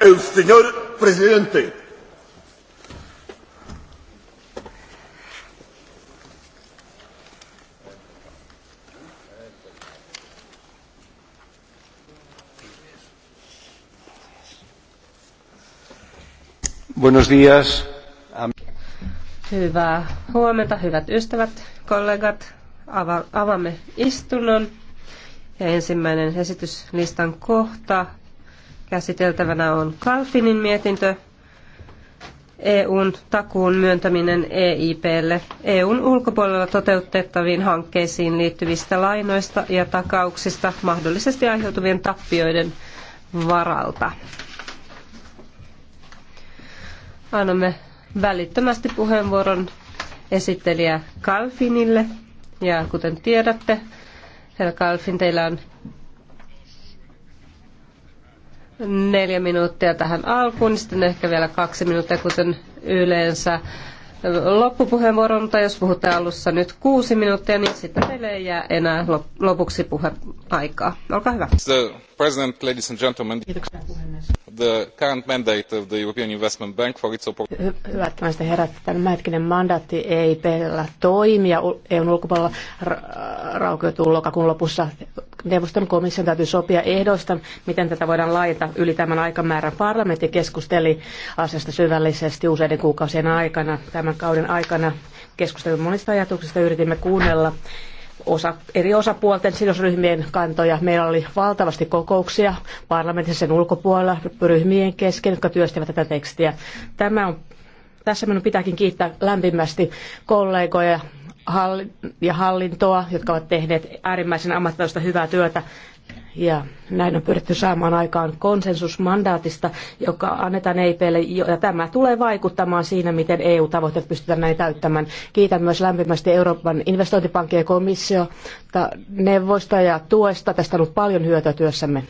El señor presidente. Buenos días. Hyvää huomenta, hyvät ystävät, kollegat. Ava- avaamme istunnon. Ja ensimmäinen esityslistan kohta Käsiteltävänä on Kalfinin mietintö EUn takuun myöntäminen EIPlle EUn ulkopuolella toteutettaviin hankkeisiin liittyvistä lainoista ja takauksista mahdollisesti aiheutuvien tappioiden varalta. Annamme välittömästi puheenvuoron esittelijä Kalfinille ja kuten tiedätte, herra Kalfin, teillä on neljä minuuttia tähän alkuun, niin sitten ehkä vielä kaksi minuuttia, kuten yleensä loppupuheenvuoron, mutta jos puhutte alussa nyt kuusi minuuttia, niin sitten teille ei jää enää lopuksi puheaikaa. Olkaa hyvä. The President, ladies and gentlemen, Kiitoksia puhemies. The current mandate of the European Investment Bank for its Hy- Hyvät naiset herrat, tämänhetkinen mandaatti ei pelä toimia EUn ulkopuolella ra- raukeutui lokakuun lopussa neuvoston komission täytyy sopia ehdoista, miten tätä voidaan laajentaa yli tämän aikamäärän. Parlamentti keskusteli asiasta syvällisesti useiden kuukausien aikana. Tämän kauden aikana keskustelimme monista ajatuksista, yritimme kuunnella osa, eri osapuolten sidosryhmien kantoja. Meillä oli valtavasti kokouksia parlamentissa sen ulkopuolella ryhmien kesken, jotka työstivät tätä tekstiä. Tämä on, tässä minun pitääkin kiittää lämpimästi kollegoja ja hallintoa, jotka ovat tehneet äärimmäisen ammattitaitoista hyvää työtä. Ja näin on pyritty saamaan aikaan konsensusmandaatista, joka annetaan EIPlle, ja tämä tulee vaikuttamaan siinä, miten EU-tavoitteet pystytään näin täyttämään. Kiitän myös lämpimästi Euroopan investointipankkien ja komissiota neuvosta ja tuesta. Tästä on ollut paljon hyötyä työssämme.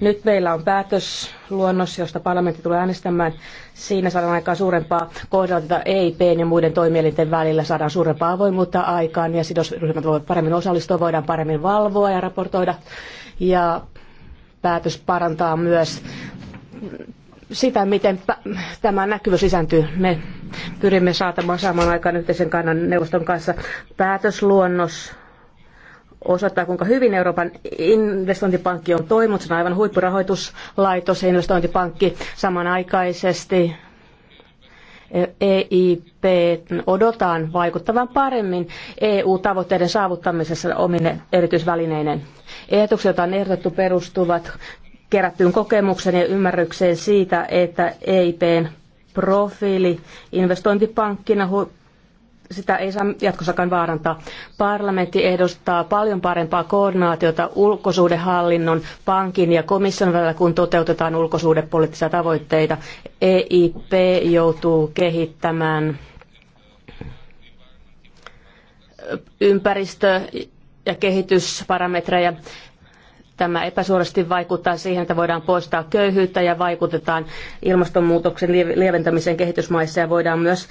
Nyt meillä on päätösluonnos, josta parlamentti tulee äänestämään. Siinä saadaan aikaan suurempaa kohdalta EIP ja muiden toimielinten välillä saadaan suurempaa avoimuutta aikaan ja sidosryhmät voivat paremmin osallistua, voidaan paremmin valvoa ja raportoida. Ja päätös parantaa myös sitä, miten tämä näkyvyys lisääntyy. Me pyrimme saatamaan saamaan aikaan yhteisen kannan neuvoston kanssa päätösluonnos osoittaa, kuinka hyvin Euroopan investointipankki on toiminut. Se on aivan huippurahoituslaitos ja investointipankki samanaikaisesti. EIP odotaan vaikuttavan paremmin EU-tavoitteiden saavuttamisessa omine erityisvälineinen. Ehdotukset, joita on ehdotettu, perustuvat kerättyyn kokemukseen ja ymmärrykseen siitä, että EIPn profiili investointipankkina sitä ei saa jatkossakaan vaarantaa. Parlamentti ehdostaa paljon parempaa koordinaatiota ulkosuhdehallinnon, pankin ja komission välillä, kun toteutetaan ulkosuhdepoliittisia tavoitteita. EIP joutuu kehittämään ympäristö- ja kehitysparametreja. Tämä epäsuorasti vaikuttaa siihen, että voidaan poistaa köyhyyttä ja vaikutetaan ilmastonmuutoksen lieventämiseen kehitysmaissa ja voidaan myös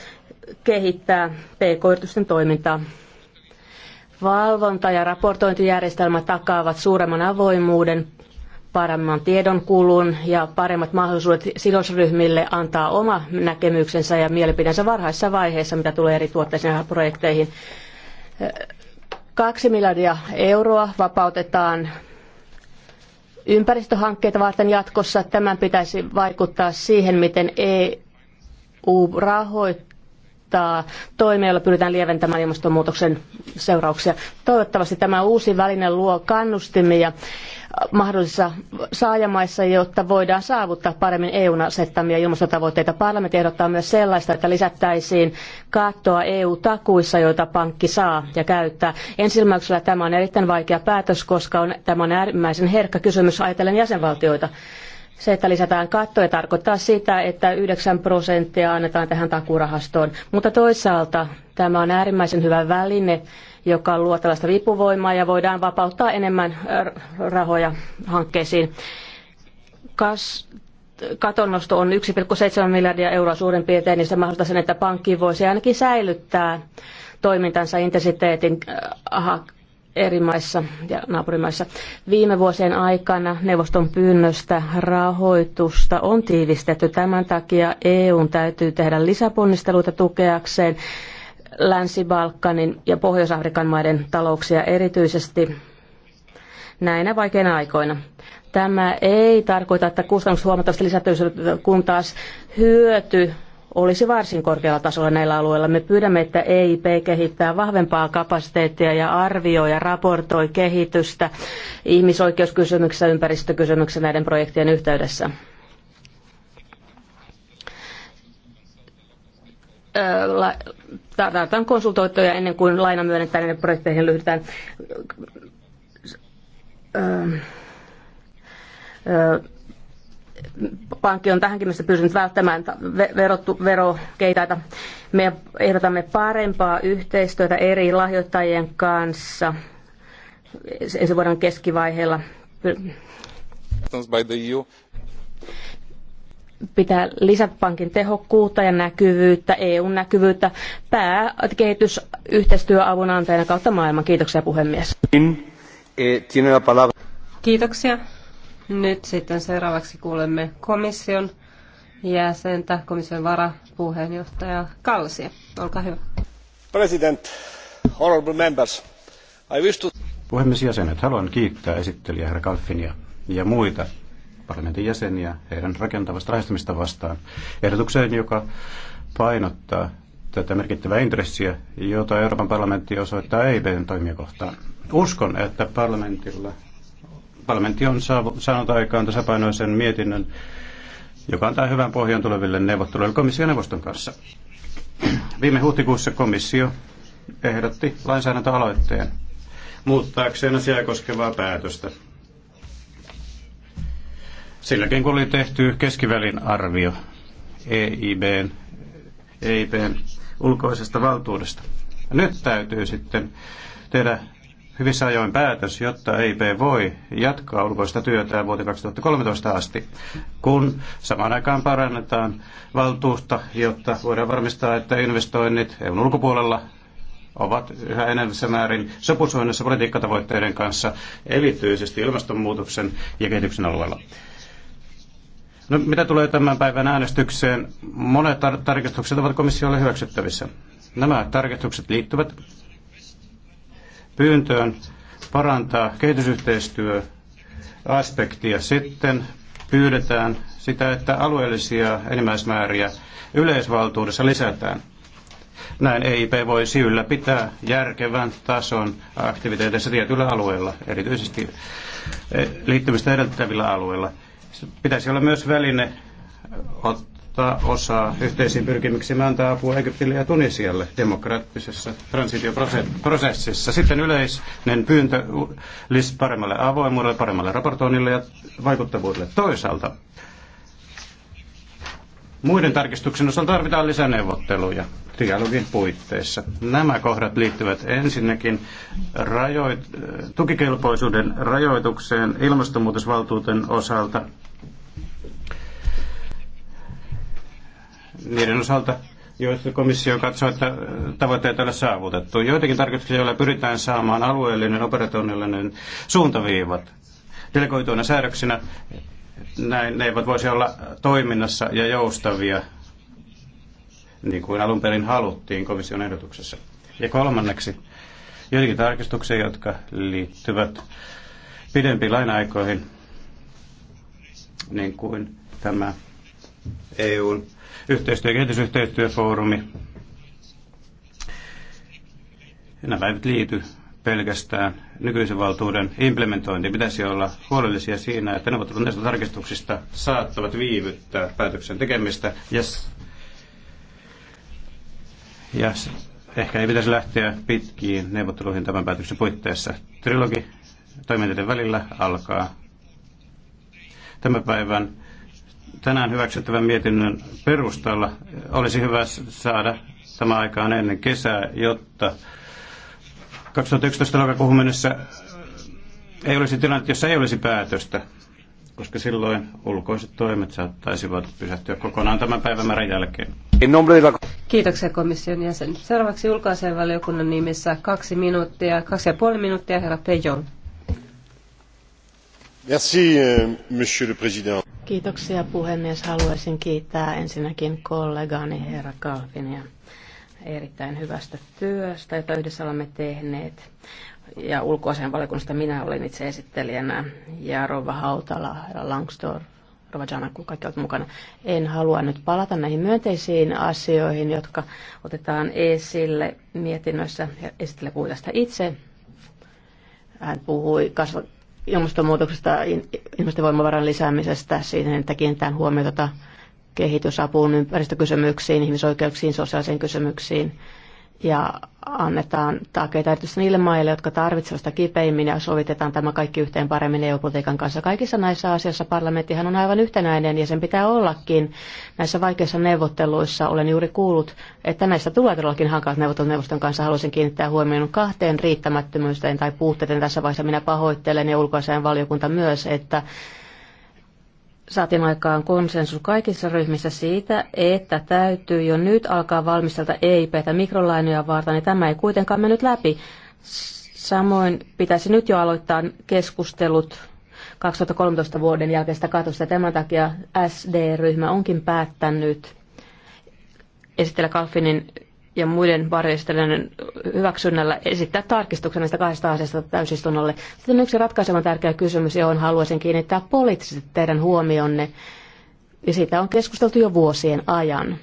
kehittää pk-yritysten toimintaa. Valvonta- ja raportointijärjestelmä takaavat suuremman avoimuuden, paremman tiedonkulun ja paremmat mahdollisuudet sidosryhmille antaa oma näkemyksensä ja mielipidensä varhaisessa vaiheessa, mitä tulee eri tuotteisiin ja projekteihin. Kaksi miljardia euroa vapautetaan ympäristöhankkeita varten jatkossa. Tämän pitäisi vaikuttaa siihen, miten EU rahoittaa ehdottaa toimia, joilla pyritään lieventämään ilmastonmuutoksen seurauksia. Toivottavasti tämä uusi väline luo kannustimia mahdollisissa saajamaissa, jotta voidaan saavuttaa paremmin EUn asettamia ilmastotavoitteita. Parlamentti ehdottaa myös sellaista, että lisättäisiin kattoa EU-takuissa, joita pankki saa ja käyttää. Ensilmäyksellä tämä on erittäin vaikea päätös, koska on, tämä on äärimmäisen herkkä kysymys ajatellen jäsenvaltioita. Se, että lisätään kattoja, tarkoittaa sitä, että 9 prosenttia annetaan tähän takurahastoon. Mutta toisaalta tämä on äärimmäisen hyvä väline, joka luo tällaista vipuvoimaa ja voidaan vapauttaa enemmän äh, rahoja hankkeisiin. Kas, katonnosto on 1,7 miljardia euroa suurin piirtein, niin se mahdollistaa sen, että pankki voisi ainakin säilyttää toimintansa intensiteetin äh, eri maissa ja naapurimaissa. Viime vuosien aikana neuvoston pyynnöstä rahoitusta on tiivistetty. Tämän takia EUn täytyy tehdä lisäponnisteluita tukeakseen Länsi-Balkanin ja Pohjois-Afrikan maiden talouksia erityisesti näinä vaikeina aikoina. Tämä ei tarkoita, että kustannukset huomattavasti lisätyisivät, kun taas hyöty olisi varsin korkealla tasolla näillä alueilla. Me pyydämme, että EIP kehittää vahvempaa kapasiteettia ja arvioi ja raportoi kehitystä ihmisoikeuskysymyksissä, ympäristökysymyksissä näiden projektien yhteydessä. Tarvitaan konsultoittuja ennen kuin laina myönnetään näiden projekteihin lyhytään pankki on tähänkin mennessä pystynyt välttämään verottu, verokeitaita. Me ehdotamme parempaa yhteistyötä eri lahjoittajien kanssa ensi vuoden keskivaiheella. Pitää lisätä pankin tehokkuutta ja näkyvyyttä, eu näkyvyyttä, pääkehitys yhteistyöavun antajana kautta maailman. Kiitoksia puhemies. Eh, Kiitoksia. Nyt sitten seuraavaksi kuulemme komission jäsentä, komission varapuheenjohtaja Kalsia. Olkaa hyvä. President, honorable members, I wish to... Puhemies jäsenet, haluan kiittää esittelijä herra Kalfinia ja muita parlamentin jäseniä heidän rakentavasta lähestymistä vastaan ehdotukseen, joka painottaa tätä merkittävää intressiä, jota Euroopan parlamentti osoittaa EIBn toimijakohtaan. Uskon, että parlamentilla Parlamentti on saanut aikaan tasapainoisen mietinnön, joka antaa hyvän pohjan tuleville neuvotteluille komission neuvoston kanssa. Viime huhtikuussa komissio ehdotti lainsäädäntöaloitteen muuttaakseen asiaa koskevaa päätöstä. Silläkin kun oli tehty keskivälin arvio EIBn, EIBn ulkoisesta valtuudesta. Nyt täytyy sitten tehdä hyvissä ajoin päätös, jotta EIP voi jatkaa ulkoista työtään vuoteen 2013 asti, kun samaan aikaan parannetaan valtuutta, jotta voidaan varmistaa, että investoinnit EUn ulkopuolella ovat yhä enemmän määrin sopusoinnissa politiikkatavoitteiden kanssa, erityisesti ilmastonmuutoksen ja kehityksen alueella. No, mitä tulee tämän päivän äänestykseen, monet tar- tarkistukset ovat komissiolle hyväksyttävissä. Nämä tarkistukset liittyvät pyyntöön parantaa kehitysyhteistyöaspektia. Sitten pyydetään sitä, että alueellisia enimmäismääriä yleisvaltuudessa lisätään. Näin EIP voisi ylläpitää järkevän tason aktiviteetissa tietyillä alueilla, erityisesti eh, liittymistä edeltävillä alueilla. Pitäisi olla myös väline ottaa osaa yhteisiin pyrkimyksiin antaa apua Egyptille ja Tunisialle demokraattisessa transitioprosessissa. Sitten yleinen pyyntö paremmalle avoimuudelle, paremmalle raportoinnille ja vaikuttavuudelle toisaalta. Muiden tarkistuksen osalta tarvitaan lisäneuvotteluja dialogin puitteissa. Nämä kohdat liittyvät ensinnäkin rajoit, tukikelpoisuuden rajoitukseen ilmastonmuutosvaltuuten osalta niiden osalta, joissa komissio katsoo, että äh, tavoitteet ole saavutettu. Joitakin tarkoituksia, joilla pyritään saamaan alueellinen operationellinen suuntaviivat delegoituina säädöksinä, näin, ne eivät voisi olla toiminnassa ja joustavia, niin kuin alun perin haluttiin komission ehdotuksessa. Ja kolmanneksi, joitakin tarkistuksia, jotka liittyvät pidempiin laina-aikoihin, niin kuin tämä EUn yhteistyö- ja kehitysyhteistyöfoorumi. Nämä eivät liity pelkästään nykyisen valtuuden implementointi. Pitäisi olla huolellisia siinä, että ovat näistä tarkistuksista saattavat viivyttää päätöksen tekemistä. Yes. Yes. Ehkä ei pitäisi lähteä pitkiin neuvotteluihin tämän päätöksen puitteissa. Trilogi toimintojen välillä alkaa tämän päivän tänään hyväksyttävän mietinnön perustalla olisi hyvä saada tämä aikaan ennen kesää, jotta 2011 lokakuuhun mennessä ei olisi tilannetta, jossa ei olisi päätöstä, koska silloin ulkoiset toimet saattaisivat pysähtyä kokonaan tämän päivämäärän jälkeen. Kiitoksia komission jäsen. Seuraavaksi ulkoasianvaliokunnan nimissä kaksi minuuttia, kaksi ja puoli minuuttia, herra Pejon. Merci, euh, monsieur le président. Kiitoksia puhemies. Haluaisin kiittää ensinnäkin kollegaani herra Kalfinia erittäin hyvästä työstä, jota yhdessä olemme tehneet. Ja valikunnasta minä olin itse esittelijänä ja Rova Hautala, herra Langstor, Rova Jana, kun kaikki ovat mukana. En halua nyt palata näihin myönteisiin asioihin, jotka otetaan esille mietinnössä. Esittelijä puhui tästä itse. Hän puhui kasva- ilmastonmuutoksesta, ihmisten voimavaran lisäämisestä, siihen, että kiinnitään huomiota kehitysapuun, ympäristökysymyksiin, ihmisoikeuksiin, sosiaalisiin kysymyksiin ja annetaan takeita erityisesti niille maille, jotka tarvitsevat sitä kipeimmin ja sovitetaan tämä kaikki yhteen paremmin EU-politiikan kanssa. Kaikissa näissä asioissa parlamenttihan on aivan yhtenäinen ja sen pitää ollakin. Näissä vaikeissa neuvotteluissa olen juuri kuullut, että näistä tulee todellakin hankalat neuvottelut neuvoston kanssa. Haluaisin kiinnittää huomioon kahteen riittämättömyyteen tai puutteiden tässä vaiheessa. Minä pahoittelen ja ulkoasian valiokunta myös, että saatiin aikaan konsensus kaikissa ryhmissä siitä, että täytyy jo nyt alkaa valmistella EIPtä mikrolainoja varten, niin tämä ei kuitenkaan mennyt läpi. Samoin pitäisi nyt jo aloittaa keskustelut 2013 vuoden jälkeistä katosta. Tämän takia SD-ryhmä onkin päättänyt esitellä Kalfinin ja muiden varjostelijoiden hyväksynnällä esittää tarkistuksen näistä kahdesta asiasta täysistunnolle. Sitten yksi ratkaisevan tärkeä kysymys, johon haluaisin kiinnittää poliittisesti teidän huomionne, ja siitä on keskusteltu jo vuosien ajan.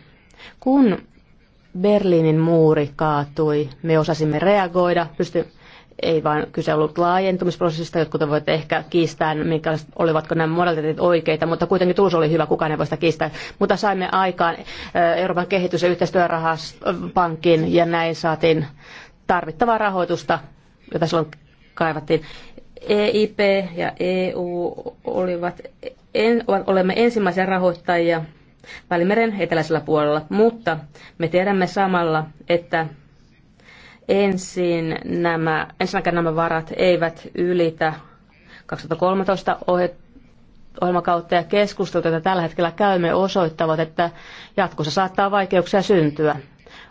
Kun Berliinin muuri kaatui, me osasimme reagoida, pystyi ei vain kyse ollut laajentumisprosessista, jotkut voivat ehkä kiistää, minkä olivatko nämä modaliteetit oikeita, mutta kuitenkin tulos oli hyvä, kukaan ei voi sitä kiistää. Mutta saimme aikaan eh, Euroopan kehitys- ja yhteistyörahaspankin ja näin saatiin tarvittavaa rahoitusta, jota silloin kaivattiin. EIP ja EU olivat, en, olemme ensimmäisiä rahoittajia Välimeren eteläisellä puolella, mutta me tiedämme samalla, että Ensin nämä, ensinnäkin nämä varat eivät ylitä 2013 ohje, ohjelmakautta ja keskustelut, joita tällä hetkellä käymme, osoittavat, että jatkossa saattaa vaikeuksia syntyä.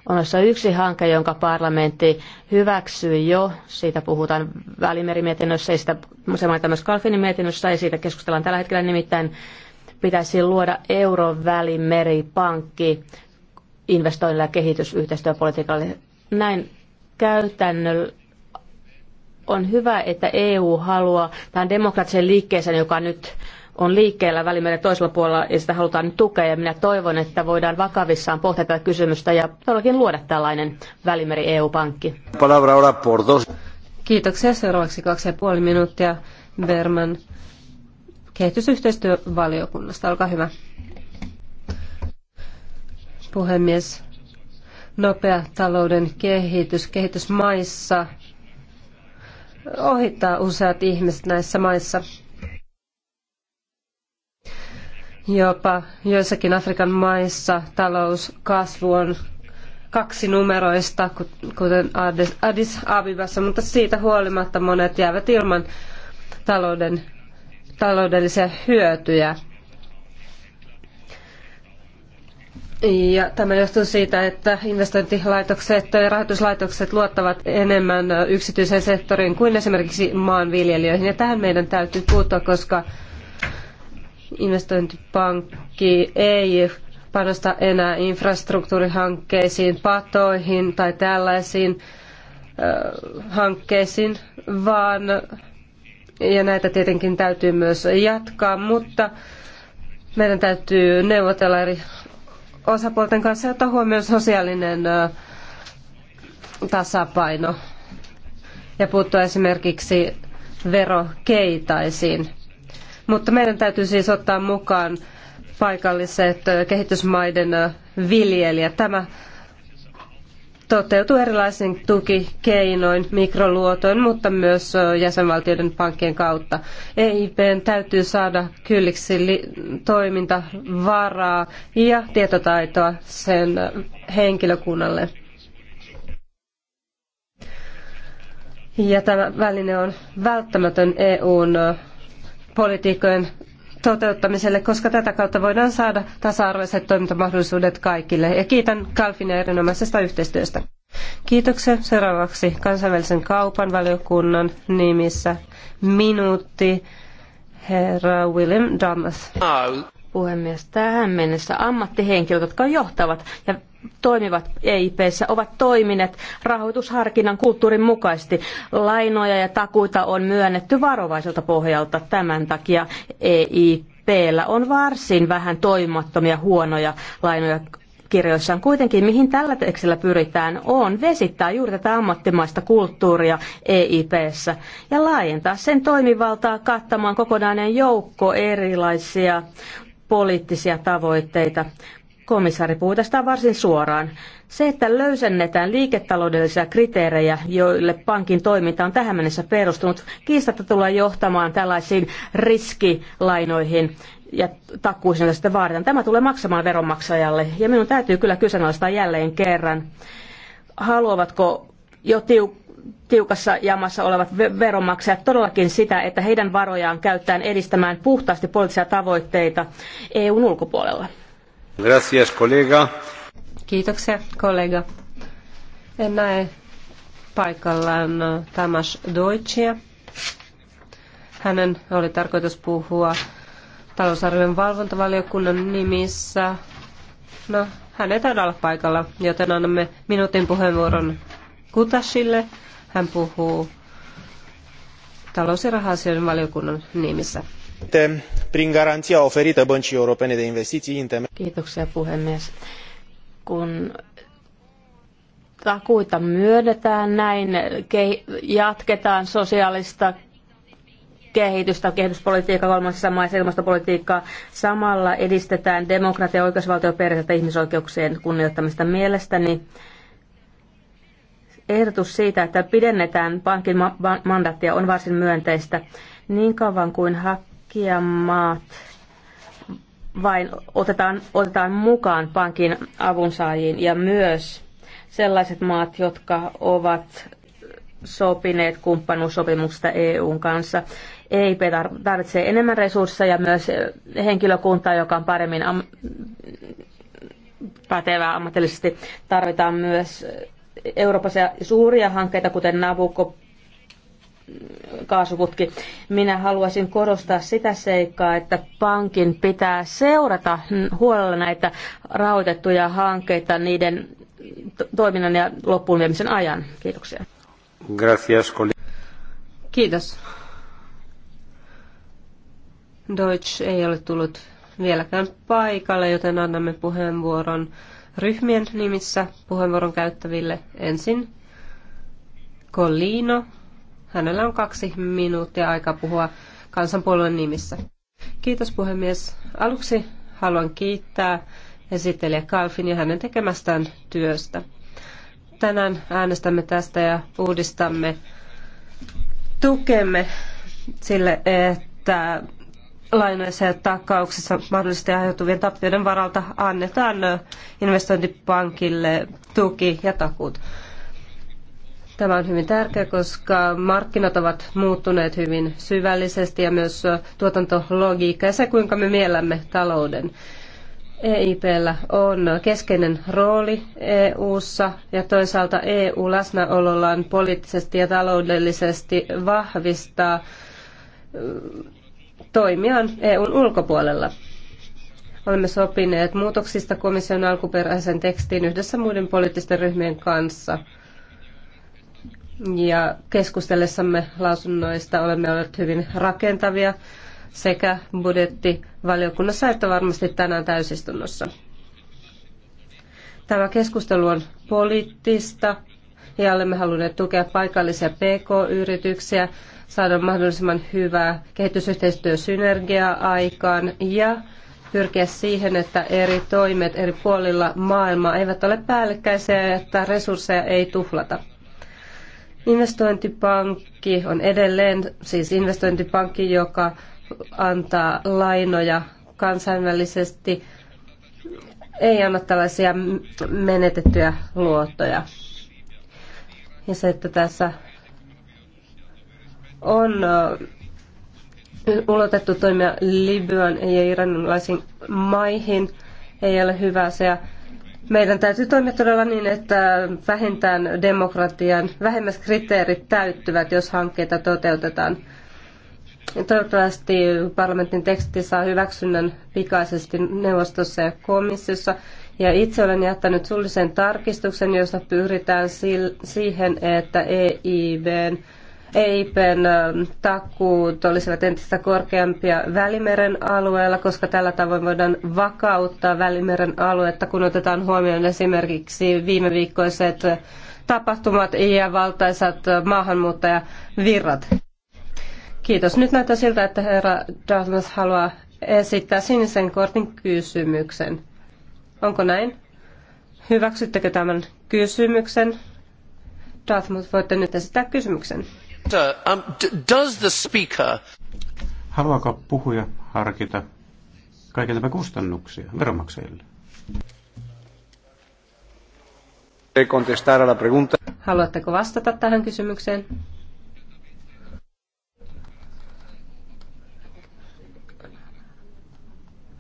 On osa yksi hanke, jonka parlamentti hyväksyi jo. Siitä puhutaan välimerimietinnössä ja sitä se mainitaan myös Kalfinin mietinnössä ja siitä keskustellaan tällä hetkellä nimittäin pitäisi luoda euron välimeripankki investoinnilla ja kehitysyhteistyöpolitiikalle. Näin käytännöllä on hyvä, että EU haluaa tämän demokraattisen liikkeeseen, joka nyt on liikkeellä välimeren toisella puolella ja sitä halutaan nyt tukea. Ja minä toivon, että voidaan vakavissaan pohtia tätä kysymystä ja todellakin luoda tällainen välimeri EU-pankki. Kiitoksia. Seuraavaksi kaksi ja puoli minuuttia Berman kehitysyhteistyövaliokunnasta. Olkaa hyvä. Puhemies, nopea talouden kehitys kehitysmaissa ohittaa useat ihmiset näissä maissa. Jopa joissakin Afrikan maissa talouskasvu on kaksi numeroista, kuten Addis Abibassa, mutta siitä huolimatta monet jäävät ilman talouden, taloudellisia hyötyjä. Ja tämä johtuu siitä, että investointilaitokset ja rahoituslaitokset luottavat enemmän yksityiseen sektoriin kuin esimerkiksi maanviljelijöihin. Ja tähän meidän täytyy puuttua, koska investointipankki ei panosta enää infrastruktuurihankkeisiin, patoihin tai tällaisiin hankkeisiin, vaan ja näitä tietenkin täytyy myös jatkaa, mutta meidän täytyy neuvotella eri osapuolten kanssa ja ottaa huomioon sosiaalinen tasapaino ja puuttua esimerkiksi verokeitaisiin. Mutta meidän täytyy siis ottaa mukaan paikalliset kehitysmaiden viljelijät. Tämä toteutuu erilaisin tukikeinoin, mikroluotoin, mutta myös jäsenvaltioiden pankkien kautta. EIPn täytyy saada kylliksi toimintavaraa ja tietotaitoa sen henkilökunnalle. Ja tämä väline on välttämätön EUn politiikkojen toteuttamiselle, koska tätä kautta voidaan saada tasa-arvoiset toimintamahdollisuudet kaikille. Ja kiitän Kalfinia erinomaisesta yhteistyöstä. Kiitoksia. Seuraavaksi kansainvälisen kaupan valiokunnan nimissä minuutti herra William Dummeth puhemies. Tähän mennessä ammattihenkilöt, jotka johtavat ja toimivat EIPssä, ovat toimineet rahoitusharkinnan kulttuurin mukaisesti. Lainoja ja takuita on myönnetty varovaiselta pohjalta. Tämän takia EIPllä on varsin vähän toimimattomia huonoja lainoja kirjoissaan kuitenkin, mihin tällä tekstillä pyritään, on vesittää juuri tätä ammattimaista kulttuuria EIPssä ja laajentaa sen toimivaltaa kattamaan kokonainen joukko erilaisia poliittisia tavoitteita. Komissaari puhuu tästä varsin suoraan. Se, että löysennetään liiketaloudellisia kriteerejä, joille pankin toiminta on tähän mennessä perustunut, kiistatta tulee johtamaan tällaisiin riskilainoihin ja takuisiin, joita sitten vaaditaan. Tämä tulee maksamaan veronmaksajalle ja minun täytyy kyllä kyseenalaistaa jälleen kerran. Haluavatko jo tiukassa jamassa olevat veronmaksajat todellakin sitä, että heidän varojaan käytetään edistämään puhtaasti poliittisia tavoitteita EUn ulkopuolella. Gracias, kollega. Kiitoksia, kollega. En näe paikallaan Tamas Deutschia. Hänen oli tarkoitus puhua talousarvion valvontavaliokunnan nimissä. No, hän ei taida olla paikalla, joten annamme minuutin puheenvuoron Kutasille. Hän puhuu talous- ja raha valiokunnan nimissä. Prin garanția oferită Băncii Europene de Investiții în Kiitoksia puhemies. Kun takuita myönnetään näin, jatketaan sosiaalista kehitystä, kehityspolitiikkaa, kolmansissa maissa ilmastopolitiikkaa. Samalla edistetään demokratia- ja oikeusvaltioperiaatteita ihmisoikeuksien kunnioittamista mielestäni. Niin ehdotus siitä, että pidennetään pankin mandaattia on varsin myönteistä. Niin kauan kuin hakijamaat vain otetaan, otetaan mukaan pankin avunsaajiin ja myös sellaiset maat, jotka ovat sopineet kumppanuussopimuksesta EUn kanssa. EIP tarvitsee enemmän resursseja, myös henkilökuntaa, joka on paremmin am- pätevää ammatillisesti. Tarvitaan myös Euroopassa suuria hankkeita, kuten Nabucco, kaasuputki. Minä haluaisin korostaa sitä seikkaa, että pankin pitää seurata huolella näitä rahoitettuja hankkeita niiden toiminnan ja loppuun viemisen ajan. Kiitoksia. Gracias, Kiitos. Deutsch ei ole tullut vieläkään paikalle, joten annamme puheenvuoron ryhmien nimissä puheenvuoron käyttäville ensin Collino. Hänellä on kaksi minuuttia aikaa puhua kansanpuolueen nimissä. Kiitos puhemies. Aluksi haluan kiittää esittelijä Kalfin ja hänen tekemästään työstä. Tänään äänestämme tästä ja uudistamme tukemme sille, että lainoissa ja takauksissa mahdollisesti aiheutuvien tappioiden varalta annetaan investointipankille tuki ja takuut. Tämä on hyvin tärkeä, koska markkinat ovat muuttuneet hyvin syvällisesti ja myös tuotantologiikka ja se, kuinka me miellämme talouden. EIPllä on keskeinen rooli EU:ssa ja toisaalta EU läsnäolollaan poliittisesti ja taloudellisesti vahvistaa toimiaan EUn ulkopuolella. Olemme sopineet muutoksista komission alkuperäisen tekstiin yhdessä muiden poliittisten ryhmien kanssa. Ja keskustellessamme lausunnoista olemme olleet hyvin rakentavia sekä budjettivaliokunnassa että varmasti tänään täysistunnossa. Tämä keskustelu on poliittista ja olemme halunneet tukea paikallisia PK-yrityksiä saada mahdollisimman hyvää kehitysyhteistyösynergiaa aikaan ja pyrkiä siihen, että eri toimet eri puolilla maailmaa eivät ole päällekkäisiä ja että resursseja ei tuhlata. Investointipankki on edelleen siis investointipankki, joka antaa lainoja kansainvälisesti, ei anna tällaisia menetettyjä luottoja. Ja se, että tässä on ulotettu toimia Libyan ja iranilaisiin maihin. Ei ole hyvä se. Meidän täytyy toimia todella niin, että vähintään demokratian vähemmäs kriteerit täyttyvät, jos hankkeita toteutetaan. Toivottavasti parlamentin teksti saa hyväksynnän pikaisesti neuvostossa ja komissiossa. Ja itse olen jättänyt suullisen tarkistuksen, jossa pyritään siihen, että EIBn EIPen takuut olisivat entistä korkeampia Välimeren alueella, koska tällä tavoin voidaan vakauttaa Välimeren aluetta, kun otetaan huomioon esimerkiksi viime viikkoiset tapahtumat ja valtaisat maahanmuuttajavirrat. Kiitos. Nyt näyttää siltä, että herra Douglas haluaa esittää sinisen kortin kysymyksen. Onko näin? Hyväksyttekö tämän kysymyksen? Dartmouth, voitte nyt esittää kysymyksen. Um, does the speaker... Haluaako puhuja harkita kaiken tämän kustannuksia veronmaksajille? Haluatteko vastata tähän kysymykseen?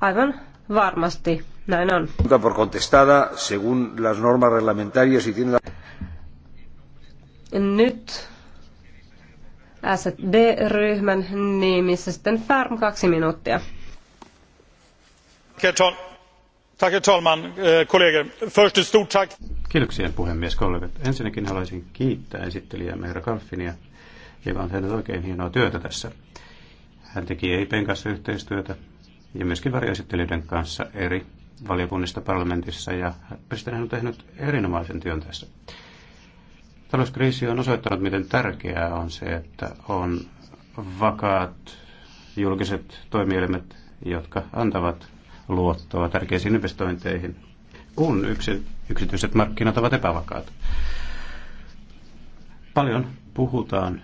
Aivan varmasti, näin on. Por contestada, según las normas reglamentarias y tiene la... Nyt SD-ryhmän nimissä sitten Färm kaksi minuuttia. Kiitoksia puhemies kollegat. Ensinnäkin haluaisin kiittää esittelijää Meira Kalfinia, joka on tehnyt oikein hienoa työtä tässä. Hän teki EIPen kanssa yhteistyötä ja myöskin varjoesittelijöiden kanssa eri valiokunnista parlamentissa ja Pristinen on tehnyt erinomaisen työn tässä. Talouskriisi on osoittanut, miten tärkeää on se, että on vakaat julkiset toimielimet, jotka antavat luottoa tärkeisiin investointeihin, kun yksi, yksityiset markkinat ovat epävakaat. Paljon puhutaan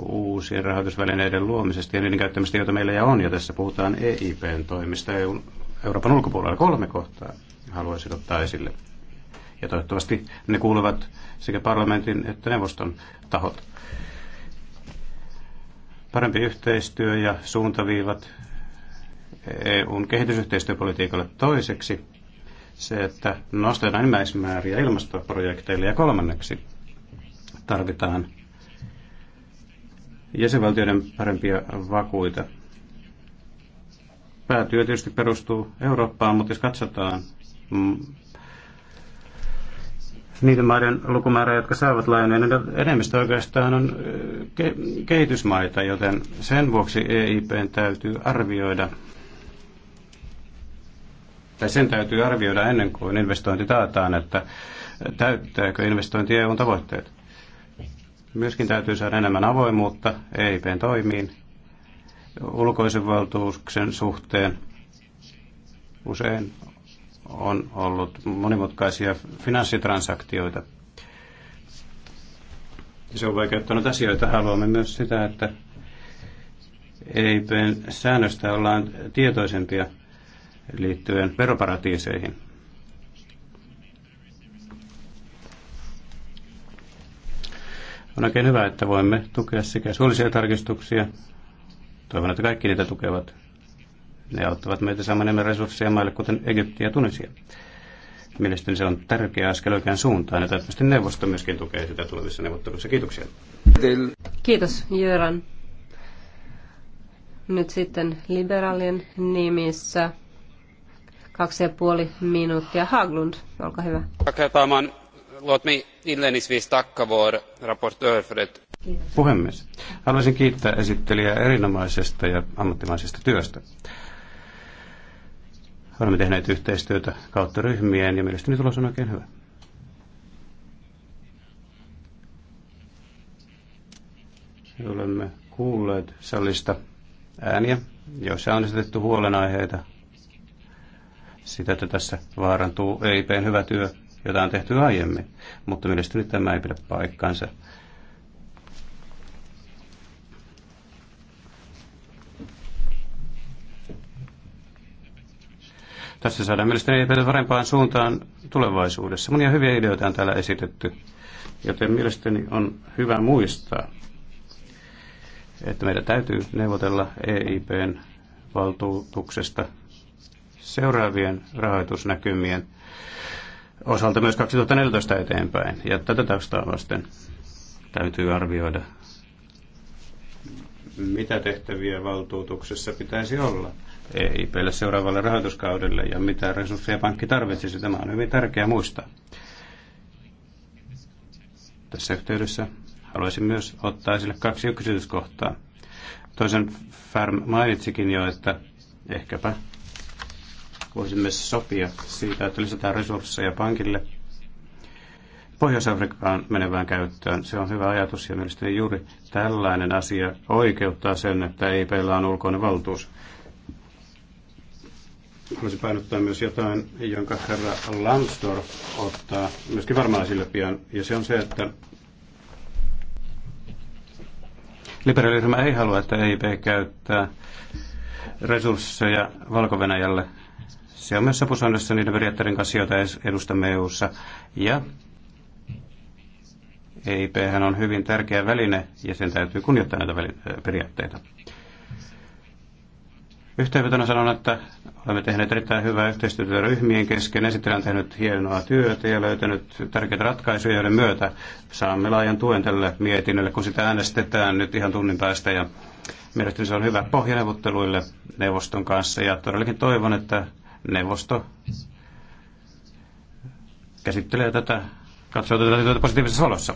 uusien rahoitusvälineiden luomisesta ja niiden käyttämistä, joita meillä jo on, ja tässä puhutaan EIPn toimista e Euroopan ulkopuolella. Kolme kohtaa haluaisin ottaa esille. Ja toivottavasti ne kuulevat sekä parlamentin että neuvoston tahot. Parempi yhteistyö ja suuntaviivat EUn kehitysyhteistyöpolitiikalle toiseksi. Se, että nostetaan enimmäismääriä ilmastoprojekteille ja kolmanneksi tarvitaan jäsenvaltioiden parempia vakuita. Päätyö tietysti perustuu Eurooppaan, mutta jos katsotaan niiden maiden lukumäärä, jotka saavat lainoja, niin enemmistö oikeastaan on ke- kehitysmaita, joten sen vuoksi EIP täytyy arvioida, tai sen täytyy arvioida ennen kuin investointi taataan, että täyttääkö investointi EUn tavoitteet. Myöskin täytyy saada enemmän avoimuutta EIPn toimiin ulkoisen valtuuksen suhteen. Usein on ollut monimutkaisia finanssitransaktioita. Se on vaikeuttanut asioita. Haluamme myös sitä, että EIPn säännöstä ollaan tietoisempia liittyen veroparatiiseihin. On oikein hyvä, että voimme tukea sekä suullisia tarkistuksia, toivon, että kaikki niitä tukevat, ne auttavat meitä saamaan enemmän resursseja maille, kuten Egypti ja Tunisia. Mielestäni se on tärkeä askel oikeaan suuntaan ja toivottavasti neuvosto myöskin tukee sitä tulevissa neuvotteluissa. Kiitoksia. Kiitos Jöran. Nyt sitten liberaalien nimissä kaksi ja puoli minuuttia. Haglund, olkaa hyvä. Låt mig inledningsvis tacka vår rapportör för ett... Puhemies, haluaisin kiittää esittelijää erinomaisesta ja ammattimaisesta työstä. Olemme tehneet yhteistyötä kautta ryhmien ja mielestäni tulos on oikein hyvä. Olemme kuulleet sellista ääniä, joissa on esitetty huolenaiheita sitä, että tässä vaarantuu EIPn hyvä työ, jota on tehty aiemmin, mutta mielestäni tämä ei pidä paikkansa. Tässä saadaan mielestäni vielä parempaan suuntaan tulevaisuudessa. Monia hyviä ideoita on täällä esitetty, joten mielestäni on hyvä muistaa, että meidän täytyy neuvotella EIPn valtuutuksesta seuraavien rahoitusnäkymien osalta myös 2014 eteenpäin. Ja tätä taustaa vasten täytyy arvioida, mitä tehtäviä valtuutuksessa pitäisi olla. EIPlle seuraavalle rahoituskaudelle ja mitä resursseja pankki tarvitsisi. Tämä on hyvin tärkeää muistaa. Tässä yhteydessä haluaisin myös ottaa esille kaksi yksityiskohtaa. Toisen Färm mainitsikin jo, että ehkäpä voisimme sopia siitä, että lisätään resursseja pankille Pohjois-Afrikkaan menevään käyttöön. Se on hyvä ajatus ja mielestäni juuri tällainen asia oikeuttaa sen, että EIPllä on ulkoinen valtuus. Haluaisin painottaa myös jotain, jonka herra Lansdorf ottaa myöskin varmaan sille pian, ja se on se, että liberaaliryhmä ei halua, että EIP käyttää resursseja valko -Venäjälle. Se on myös sopusoinnissa niiden periaatteiden kanssa, joita edustamme EU-ssa. Ja EIP on hyvin tärkeä väline ja sen täytyy kunnioittaa näitä periaatteita. Yhteenvetona sanon, että olemme tehneet erittäin hyvää yhteistyötä ryhmien kesken. Esittelijä on tehnyt hienoa työtä ja löytänyt tärkeitä ratkaisuja, joiden myötä saamme laajan tuen tälle mietinnölle, kun sitä äänestetään nyt ihan tunnin päästä. Ja mielestäni se on hyvä pohja neuvotteluille neuvoston kanssa ja todellakin toivon, että neuvosto käsittelee tätä, katsoo tätä työtä positiivisessa valossa.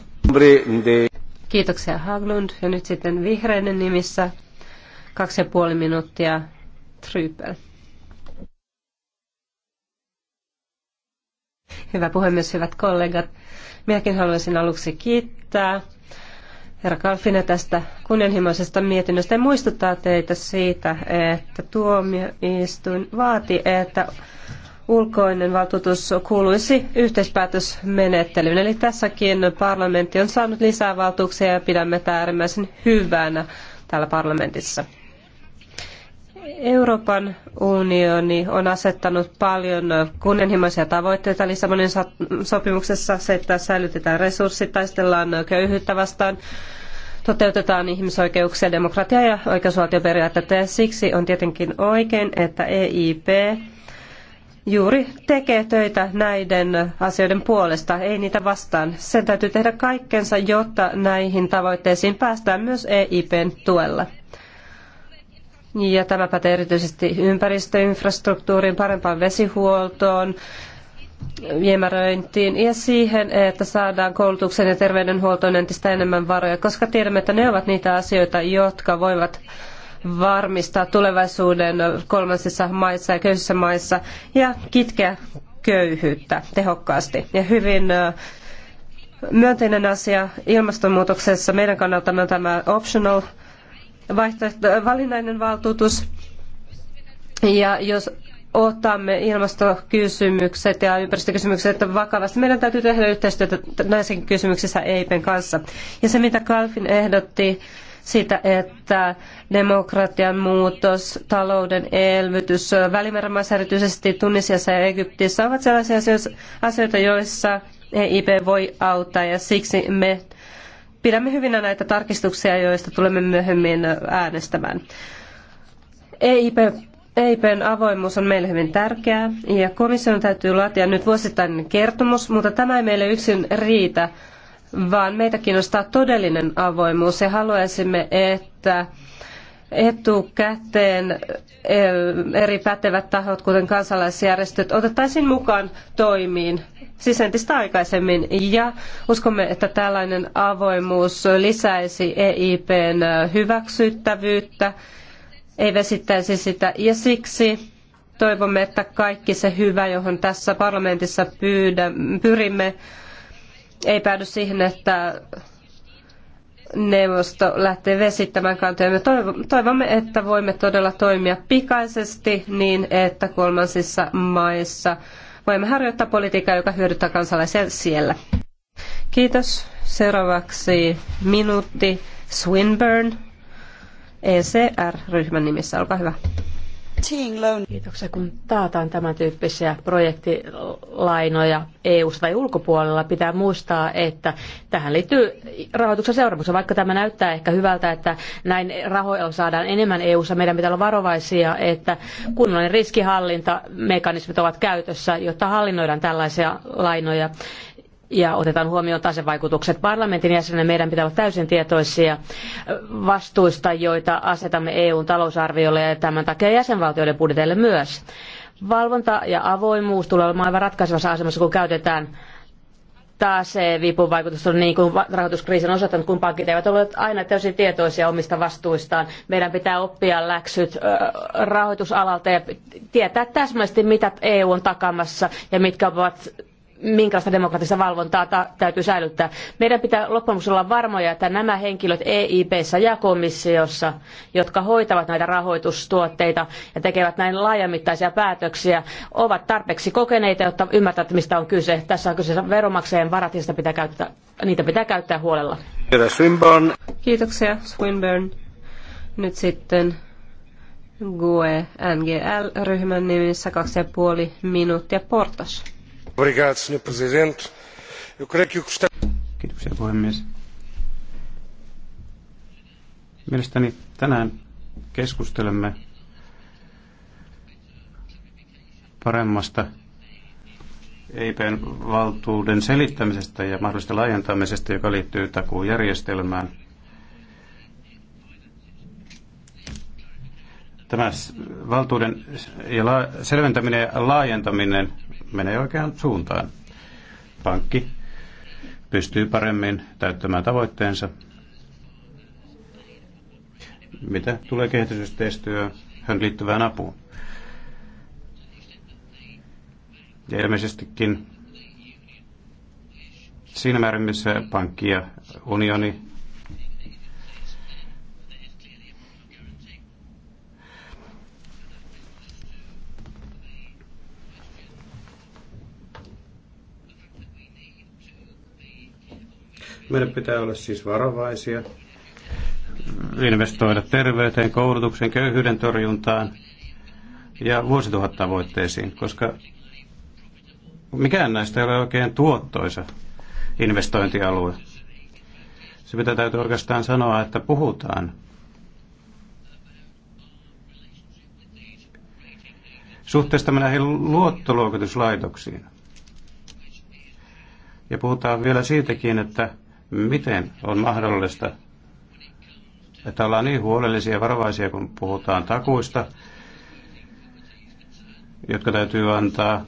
Kiitoksia Haglund. Ja nyt sitten vihreinen nimissä kaksi ja puoli minuuttia Trypel. Hyvä puhemies, hyvät kollegat. Minäkin haluaisin aluksi kiittää herra Kalfina tästä kunnianhimoisesta mietinnöstä ja muistuttaa teitä siitä, että tuomioistuin vaati, että ulkoinen valtuutus kuuluisi yhteispäätösmenettelyyn. Eli tässäkin parlamentti on saanut lisää valtuuksia ja pidämme tämä äärimmäisen hyvänä täällä parlamentissa. Euroopan unioni on asettanut paljon kunnianhimoisia tavoitteita Lissabonin sopimuksessa. Se, että säilytetään resurssit, taistellaan köyhyyttä vastaan, toteutetaan ihmisoikeuksia, demokratiaa ja oikeusvaltioperiaatteita. Ja siksi on tietenkin oikein, että EIP juuri tekee töitä näiden asioiden puolesta, ei niitä vastaan. Sen täytyy tehdä kaikkensa, jotta näihin tavoitteisiin päästään myös EIPn tuella. Ja tämä pätee erityisesti ympäristöinfrastruktuurin, parempaan vesihuoltoon, viemäröintiin ja siihen, että saadaan koulutuksen ja terveydenhuoltoon entistä enemmän varoja, koska tiedämme, että ne ovat niitä asioita, jotka voivat varmistaa tulevaisuuden kolmansissa maissa ja köyhissä maissa ja kitkeä köyhyyttä tehokkaasti. Ja hyvin myönteinen asia ilmastonmuutoksessa meidän kannaltamme on tämä optional vaihtoehto, valinnainen valtuutus. Ja jos otamme ilmastokysymykset ja ympäristökysymykset vakavasti. Meidän täytyy tehdä yhteistyötä näissäkin kysymyksissä EIPen kanssa. Ja se, mitä Kalfin ehdotti, sitä, että demokratian muutos, talouden elvytys, välimerämaissa erityisesti Tunisiassa ja Egyptissä ovat sellaisia asioita, joissa EIP voi auttaa ja siksi me Pidämme hyvinä näitä tarkistuksia, joista tulemme myöhemmin äänestämään. EIP EIPn avoimuus on meille hyvin tärkeää ja komission täytyy laatia nyt vuosittainen kertomus, mutta tämä ei meille yksin riitä, vaan meitä kiinnostaa todellinen avoimuus ja haluaisimme, että etukäteen eh, eri pätevät tahot, kuten kansalaisjärjestöt, otettaisiin mukaan toimiin siis entistä aikaisemmin. Ja uskomme, että tällainen avoimuus lisäisi EIPn hyväksyttävyyttä, ei vesittäisi sitä. Ja siksi toivomme, että kaikki se hyvä, johon tässä parlamentissa pyydä, pyrimme, ei päädy siihen, että neuvosto lähtee vesittämään kantoja. Me toivomme, että voimme todella toimia pikaisesti niin, että kolmansissa maissa voimme harjoittaa politiikkaa, joka hyödyttää kansalaisia siellä. Kiitos. Seuraavaksi minuutti Swinburne ECR-ryhmän nimissä. Olkaa hyvä. Kiitoksia, kun taataan tämän tyyppisiä projektilainoja eu tai ulkopuolella. Pitää muistaa, että tähän liittyy rahoituksen seuraamuksia. Vaikka tämä näyttää ehkä hyvältä, että näin rahoilla saadaan enemmän eu meidän pitää olla varovaisia, että kunnollinen riskihallintamekanismit ovat käytössä, jotta hallinnoidaan tällaisia lainoja ja otetaan huomioon tasevaikutukset. Parlamentin jäsenenä meidän pitää olla täysin tietoisia vastuista, joita asetamme EUn talousarviolle ja tämän takia jäsenvaltioiden budjeteille myös. Valvonta ja avoimuus tulee olemaan aivan ratkaisevassa asemassa, kun käytetään taas se on niin kuin rahoituskriisin osoittanut, kun pankit eivät ole aina täysin tietoisia omista vastuistaan. Meidän pitää oppia läksyt rahoitusalalta ja tietää täsmällisesti, mitä EU on takamassa ja mitkä ovat minkälaista demokraattista valvontaa ta- täytyy säilyttää. Meidän pitää loppujen olla varmoja, että nämä henkilöt EIPssä ja komissiossa, jotka hoitavat näitä rahoitustuotteita ja tekevät näin laajamittaisia päätöksiä, ovat tarpeeksi kokeneita, jotta ymmärtävät, mistä on kyse. Tässä on kyse veronmaksajien varat, ja pitää käyttää, niitä pitää käyttää huolella. Kiitoksia Swinburne. Nyt sitten GUE NGL-ryhmän nimissä kaksi puoli minuuttia portas arvoisa puhemies. Mielestäni tänään keskustelemme paremmasta EIPn valtuuden selittämisestä ja mahdollisesta laajentamisesta, joka liittyy takuujärjestelmään. Tämä valtuuden ja selventäminen ja laajentaminen menee oikeaan suuntaan. Pankki pystyy paremmin täyttämään tavoitteensa. Mitä tulee kehitysyhteistyöhön liittyvään apuun? Ja ilmeisestikin siinä määrin, missä pankki ja unioni Meidän pitää olla siis varovaisia, investoida terveyteen, koulutukseen, köyhyyden torjuntaan ja vuosituhattavoitteisiin, koska mikään näistä ei ole oikein tuottoisa investointialue. Se mitä täytyy oikeastaan sanoa, että puhutaan suhteesta näihin luottoluokituslaitoksiin. Ja puhutaan vielä siitäkin, että Miten on mahdollista, että ollaan niin huolellisia ja varovaisia, kun puhutaan takuista, jotka täytyy antaa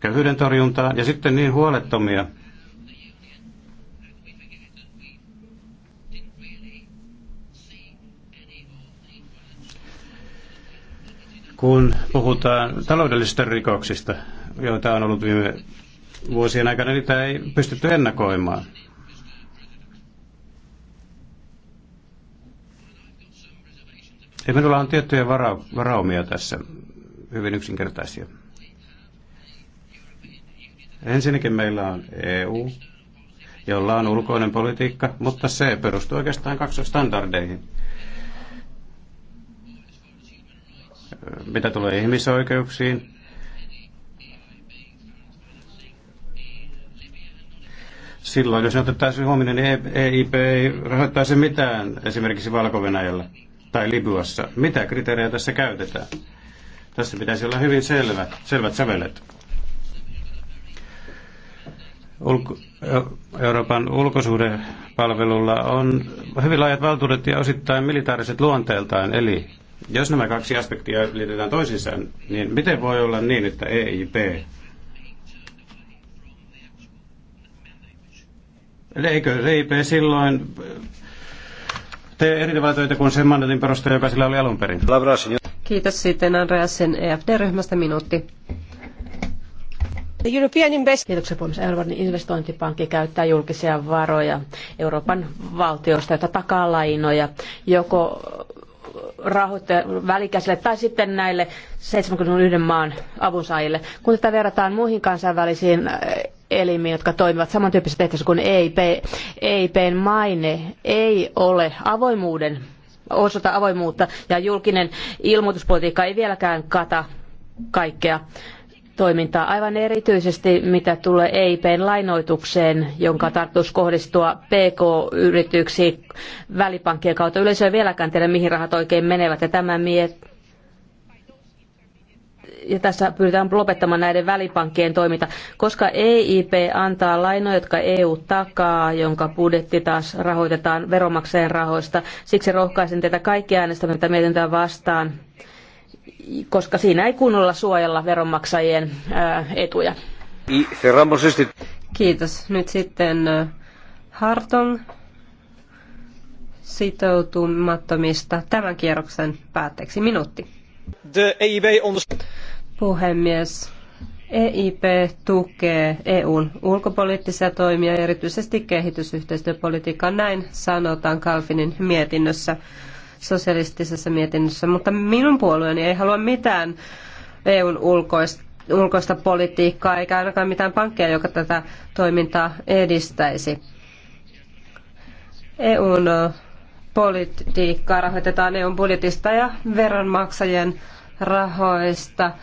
köyhyyden torjuntaan, ja sitten niin huolettomia, kun puhutaan taloudellisista rikoksista, joita on ollut viime vuosien aikana, niitä ei pystytty ennakoimaan. Ja minulla on tiettyjä vara- varaumia tässä, hyvin yksinkertaisia. Ensinnäkin meillä on EU, jolla on ulkoinen politiikka, mutta se perustuu oikeastaan standardeihin. Mitä tulee ihmisoikeuksiin, silloin jos ne otettaisiin huomioon, niin EIP ei rahoittaisi mitään esimerkiksi valko -Venäjällä tai Libyassa. Mitä kriteerejä tässä käytetään? Tässä pitäisi olla hyvin selvät, selvät sävelet. Ulko, Euroopan ulkosuhdepalvelulla on hyvin laajat valtuudet ja osittain militaariset luonteeltaan, eli jos nämä kaksi aspektia liitetään toisiinsa, niin miten voi olla niin, että EIP Eli eikö EIP silloin tee eri tavalla töitä kuin sen mandatin perusteella, joka sillä oli alun perin. Kiitos sitten Andreasen EFD-ryhmästä minuutti. Kiitoksia puhemies. Euroopan investointipankki käyttää julkisia varoja Euroopan valtioista, jota takaa lainoja joko rahoittajille välikäsille tai sitten näille 71 maan avunsaajille. Kun tätä verrataan muihin kansainvälisiin elimiin, jotka toimivat samantyyppisessä tehtävässä kuin EIP. EIPn maine ei ole avoimuuden osoita avoimuutta ja julkinen ilmoituspolitiikka ei vieläkään kata kaikkea toimintaa, aivan erityisesti mitä tulee EIPn lainoitukseen, jonka tarkoitus kohdistua PK-yrityksiin välipankkien kautta. Yleisö ei vieläkään tiedä, mihin rahat oikein menevät, ja tämä miet- ja tässä pyritään lopettamaan näiden välipankkien toiminta, koska EIP antaa lainoja, jotka EU takaa, jonka budjetti taas rahoitetaan veromaksajien rahoista. Siksi rohkaisen teitä kaikki äänestämään tätä mietintöä vastaan, koska siinä ei kunnolla suojella veronmaksajien etuja. Kiitos. Nyt sitten Harton sitoutumattomista tämän kierroksen päätteeksi minuutti. De EIB ondersteunt puhemies. EIP tukee EUn ulkopoliittisia toimia, erityisesti kehitysyhteistyöpolitiikkaa, näin sanotaan Kalfinin mietinnössä, sosialistisessa mietinnössä. Mutta minun puolueeni ei halua mitään EUn ulkoista, ulkoista politiikkaa, eikä ainakaan mitään pankkia, joka tätä toimintaa edistäisi. EUn politiikkaa rahoitetaan EUn budjetista ja veronmaksajien rahoista –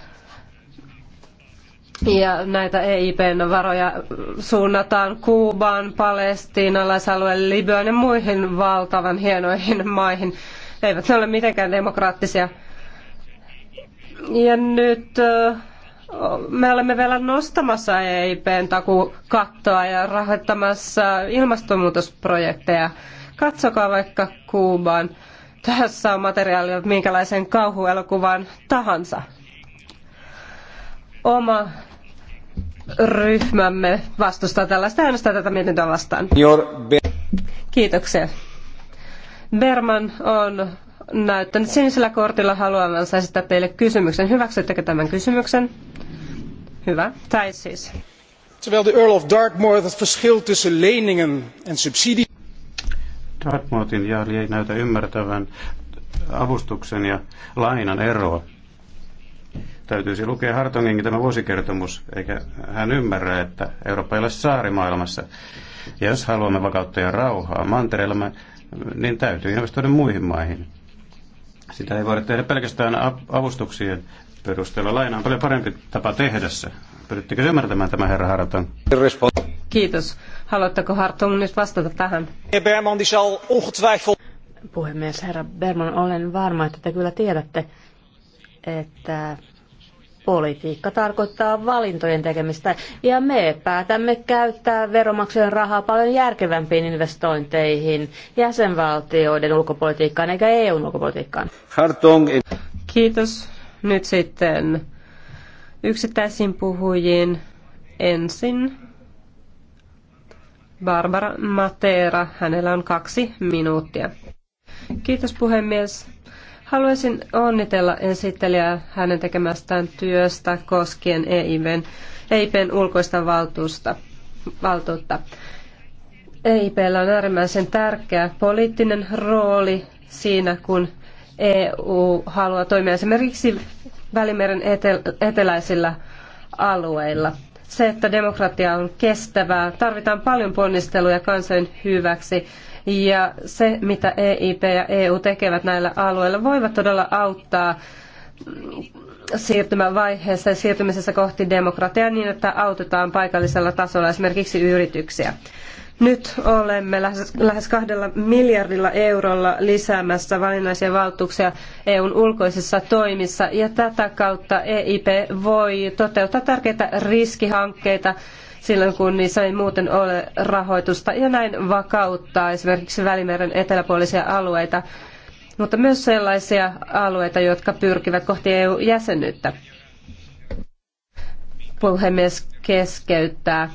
ja näitä EIPn varoja suunnataan Kuubaan, Palestiinalaisalueelle, Libyaan ja muihin valtavan hienoihin maihin. Eivät ne ole mitenkään demokraattisia. Ja nyt me olemme vielä nostamassa EIPn kattoa ja rahoittamassa ilmastonmuutosprojekteja. Katsokaa vaikka Kuubaan. Tässä on materiaalia minkälaisen kauhuelokuvan tahansa oma ryhmämme vastustaa tällaista äänestää tätä mietintöä vastaan. Kiitoksia. Berman on näyttänyt sinisellä kortilla haluavansa esittää teille kysymyksen. Hyväksyttekö tämän kysymyksen? Hyvä. Tai siis. Terwijl de Earl of Dartmoor het verschil tussen leningen en subsidie... Dartmouthin jaali ei näytä ymmärtävän avustuksen ja lainan eroa. Täytyisi lukea Hartongin tämä vuosikertomus, eikä hän ymmärrä, että Eurooppa ei ole saari maailmassa. Ja jos haluamme vakautta ja rauhaa mantereellamme, niin täytyy investoida muihin maihin. Sitä ei voida tehdä pelkästään avustuksien perusteella. Laina on paljon parempi tapa tehdä se. Pyrittekö ymmärtämään tämä herra Harton? Kiitos. Haluatteko Harton nyt vastata tähän? Berman, ongetwijfeld... Puhemies, herra Berman, olen varma, että te kyllä tiedätte, että Politiikka tarkoittaa valintojen tekemistä ja me päätämme käyttää veromaksujen rahaa paljon järkevämpiin investointeihin jäsenvaltioiden ulkopolitiikkaan eikä EUn ulkopolitiikkaan. Kiitos. Nyt sitten yksittäisiin puhujiin ensin. Barbara Matera, hänellä on kaksi minuuttia. Kiitos puhemies. Haluaisin onnitella esittelijää hänen tekemästään työstä koskien EIVn, EIPn ulkoista valtuusta, valtuutta. EIPllä on äärimmäisen tärkeä poliittinen rooli siinä, kun EU haluaa toimia esimerkiksi Välimeren eteläisillä alueilla. Se, että demokratia on kestävää, tarvitaan paljon ponnisteluja kansojen hyväksi ja se, mitä EIP ja EU tekevät näillä alueilla, voivat todella auttaa siirtymävaiheessa ja siirtymisessä kohti demokratiaa niin, että autetaan paikallisella tasolla esimerkiksi yrityksiä. Nyt olemme lähes, kahdella miljardilla eurolla lisäämässä valinnaisia valtuuksia EUn ulkoisissa toimissa ja tätä kautta EIP voi toteuttaa tärkeitä riskihankkeita silloin, kun niissä ei muuten ole rahoitusta, ja näin vakauttaa esimerkiksi Välimeren eteläpuolisia alueita, mutta myös sellaisia alueita, jotka pyrkivät kohti EU-jäsenyyttä. Puhemies keskeyttää.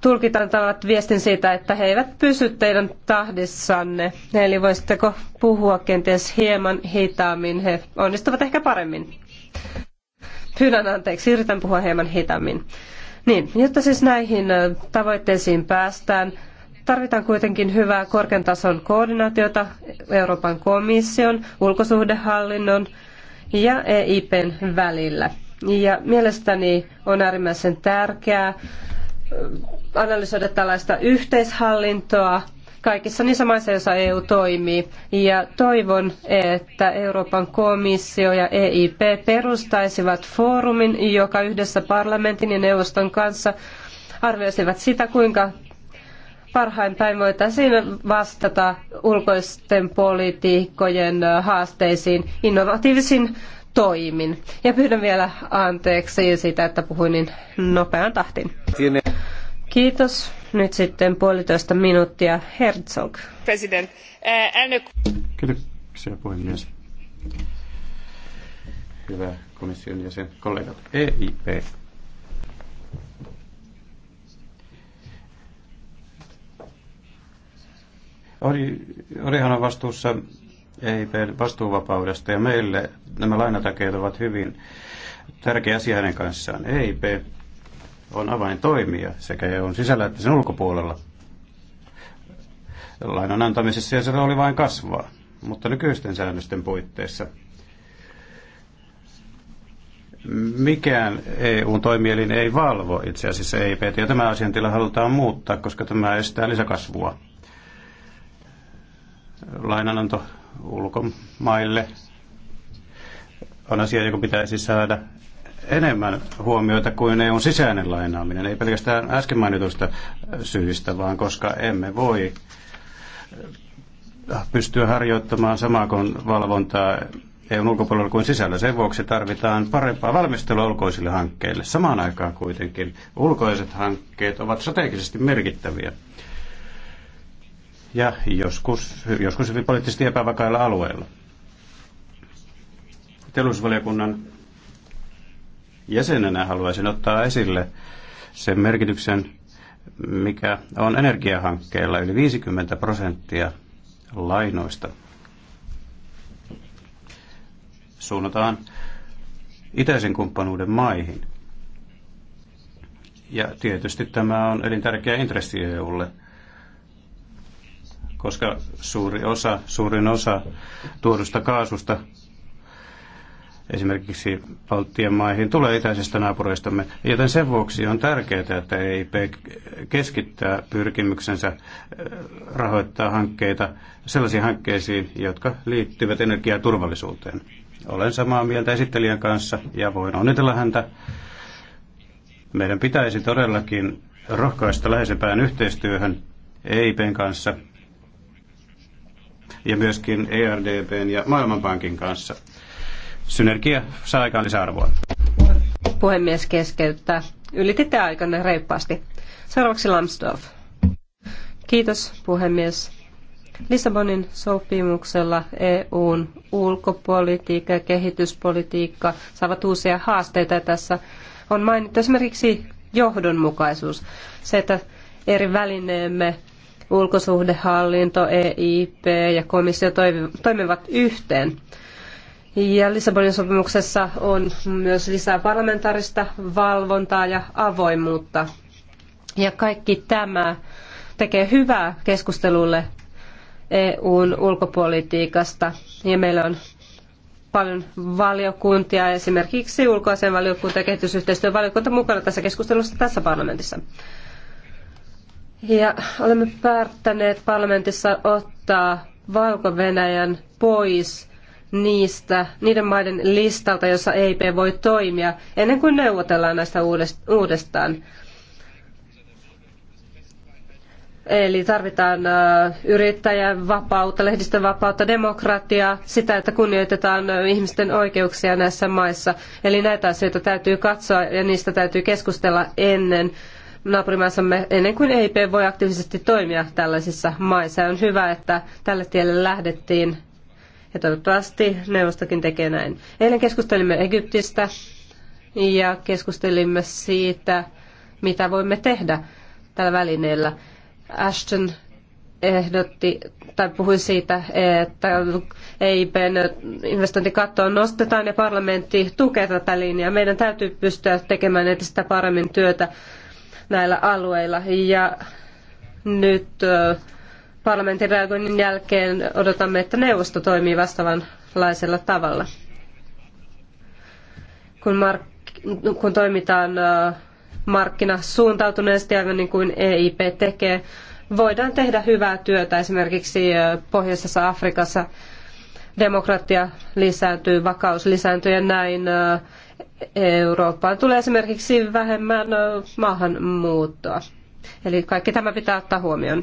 Tulkitaan tavallaan viestin siitä, että he eivät pysy teidän tahdissanne. Eli voisitteko puhua kenties hieman hitaammin? He onnistuvat ehkä paremmin. Pyydän anteeksi, yritän puhua hieman hitaammin. Niin, jotta siis näihin tavoitteisiin päästään, tarvitaan kuitenkin hyvää korkean tason koordinaatiota Euroopan komission, ulkosuhdehallinnon ja EIPn välillä. Ja mielestäni on äärimmäisen tärkeää analysoida tällaista yhteishallintoa kaikissa niissä maissa, joissa EU toimii. Ja toivon, että Euroopan komissio ja EIP perustaisivat foorumin, joka yhdessä parlamentin ja neuvoston kanssa arvioisivat sitä, kuinka parhain päin voitaisiin vastata ulkoisten poliitikkojen haasteisiin innovatiivisin toimin. Ja pyydän vielä anteeksi siitä, että puhuin niin nopean tahtiin. Kiitos. Nyt sitten puolitoista minuuttia Herzog. President, eh, Kiitoksia puhemies. Hyvä komission jäsen, kollegat. EIP. Oli, olihan on vastuussa EIPn vastuuvapaudesta ja meille nämä lainatakeet ovat hyvin tärkeä asia hänen kanssaan. EIP on avain toimia sekä EUn sisällä että sen ulkopuolella. Lainan antamisessa ja se rooli vain kasvaa, mutta nykyisten säännösten puitteissa mikään EUn toimielin ei valvo itse asiassa EIP, ja tämä asiantila halutaan muuttaa, koska tämä estää lisäkasvua. Lainananto ulkomaille on asia, joka pitäisi saada enemmän huomiota kuin EUn sisäinen lainaaminen. Ei pelkästään äsken mainituista syistä, vaan koska emme voi pystyä harjoittamaan samaa kuin valvontaa EUn ulkopuolella kuin sisällä. Sen vuoksi tarvitaan parempaa valmistelua ulkoisille hankkeille. Samaan aikaan kuitenkin ulkoiset hankkeet ovat strategisesti merkittäviä. Ja joskus, joskus hyvin poliittisesti epävakailla alueilla. Teollisuusvaliokunnan jäsenenä haluaisin ottaa esille sen merkityksen, mikä on energiahankkeella yli 50 prosenttia lainoista suunnataan itäisen kumppanuuden maihin. Ja tietysti tämä on elintärkeä intressi EUlle, koska suuri osa, suurin osa tuodusta kaasusta esimerkiksi Baltian maihin tulee itäisistä naapureistamme. Joten sen vuoksi on tärkeää, että EIP keskittää pyrkimyksensä äh, rahoittaa hankkeita sellaisiin hankkeisiin, jotka liittyvät energiaturvallisuuteen. Olen samaa mieltä esittelijän kanssa ja voin onnitella häntä. Meidän pitäisi todellakin rohkaista läheisempään yhteistyöhön EIPn kanssa ja myöskin ERDPn ja Maailmanpankin kanssa synergia saa aikaan lisäarvoa. Puhemies keskeyttää. Ylititte aikanne reippaasti. Seuraavaksi Lambsdorff. Kiitos puhemies. Lissabonin sopimuksella EUn ulkopolitiikka ja kehityspolitiikka saavat uusia haasteita. Tässä on mainittu esimerkiksi johdonmukaisuus. Se, että eri välineemme ulkosuhdehallinto, EIP ja komissio toimivat yhteen. Ja Lissabonin sopimuksessa on myös lisää parlamentaarista valvontaa ja avoimuutta. Ja kaikki tämä tekee hyvää keskustelulle EUn ulkopolitiikasta. Ja meillä on paljon valiokuntia, esimerkiksi ulkoasianvaliokunta ja kehitysyhteistyövaliokunta mukana tässä keskustelussa tässä parlamentissa. Ja olemme päättäneet parlamentissa ottaa Valko-Venäjän pois niistä, niiden maiden listalta, jossa EIP voi toimia ennen kuin neuvotellaan näistä uudestaan. Eli tarvitaan yrittäjän vapautta, lehdistön vapautta, demokratiaa, sitä, että kunnioitetaan ihmisten oikeuksia näissä maissa. Eli näitä asioita täytyy katsoa ja niistä täytyy keskustella ennen naapurimaissamme, ennen kuin EIP voi aktiivisesti toimia tällaisissa maissa. Ja on hyvä, että tälle tielle lähdettiin ja toivottavasti neuvostokin tekee näin. Eilen keskustelimme Egyptistä ja keskustelimme siitä, mitä voimme tehdä tällä välineellä. Ashton ehdotti tai puhui siitä, että EIPn investointikattoon nostetaan ja parlamentti tukee tätä linjaa. Meidän täytyy pystyä tekemään entistä paremmin työtä näillä alueilla. Ja nyt parlamentin reagoinnin jälkeen odotamme, että neuvosto toimii vastaavanlaisella tavalla. Kun, mark- kun toimitaan markkinasuuntautuneesti, aivan niin kuin EIP tekee, voidaan tehdä hyvää työtä esimerkiksi Pohjoisessa Afrikassa. Demokratia lisääntyy, vakaus lisääntyy ja näin Eurooppaan tulee esimerkiksi vähemmän maahanmuuttoa. Eli kaikki tämä pitää ottaa huomioon.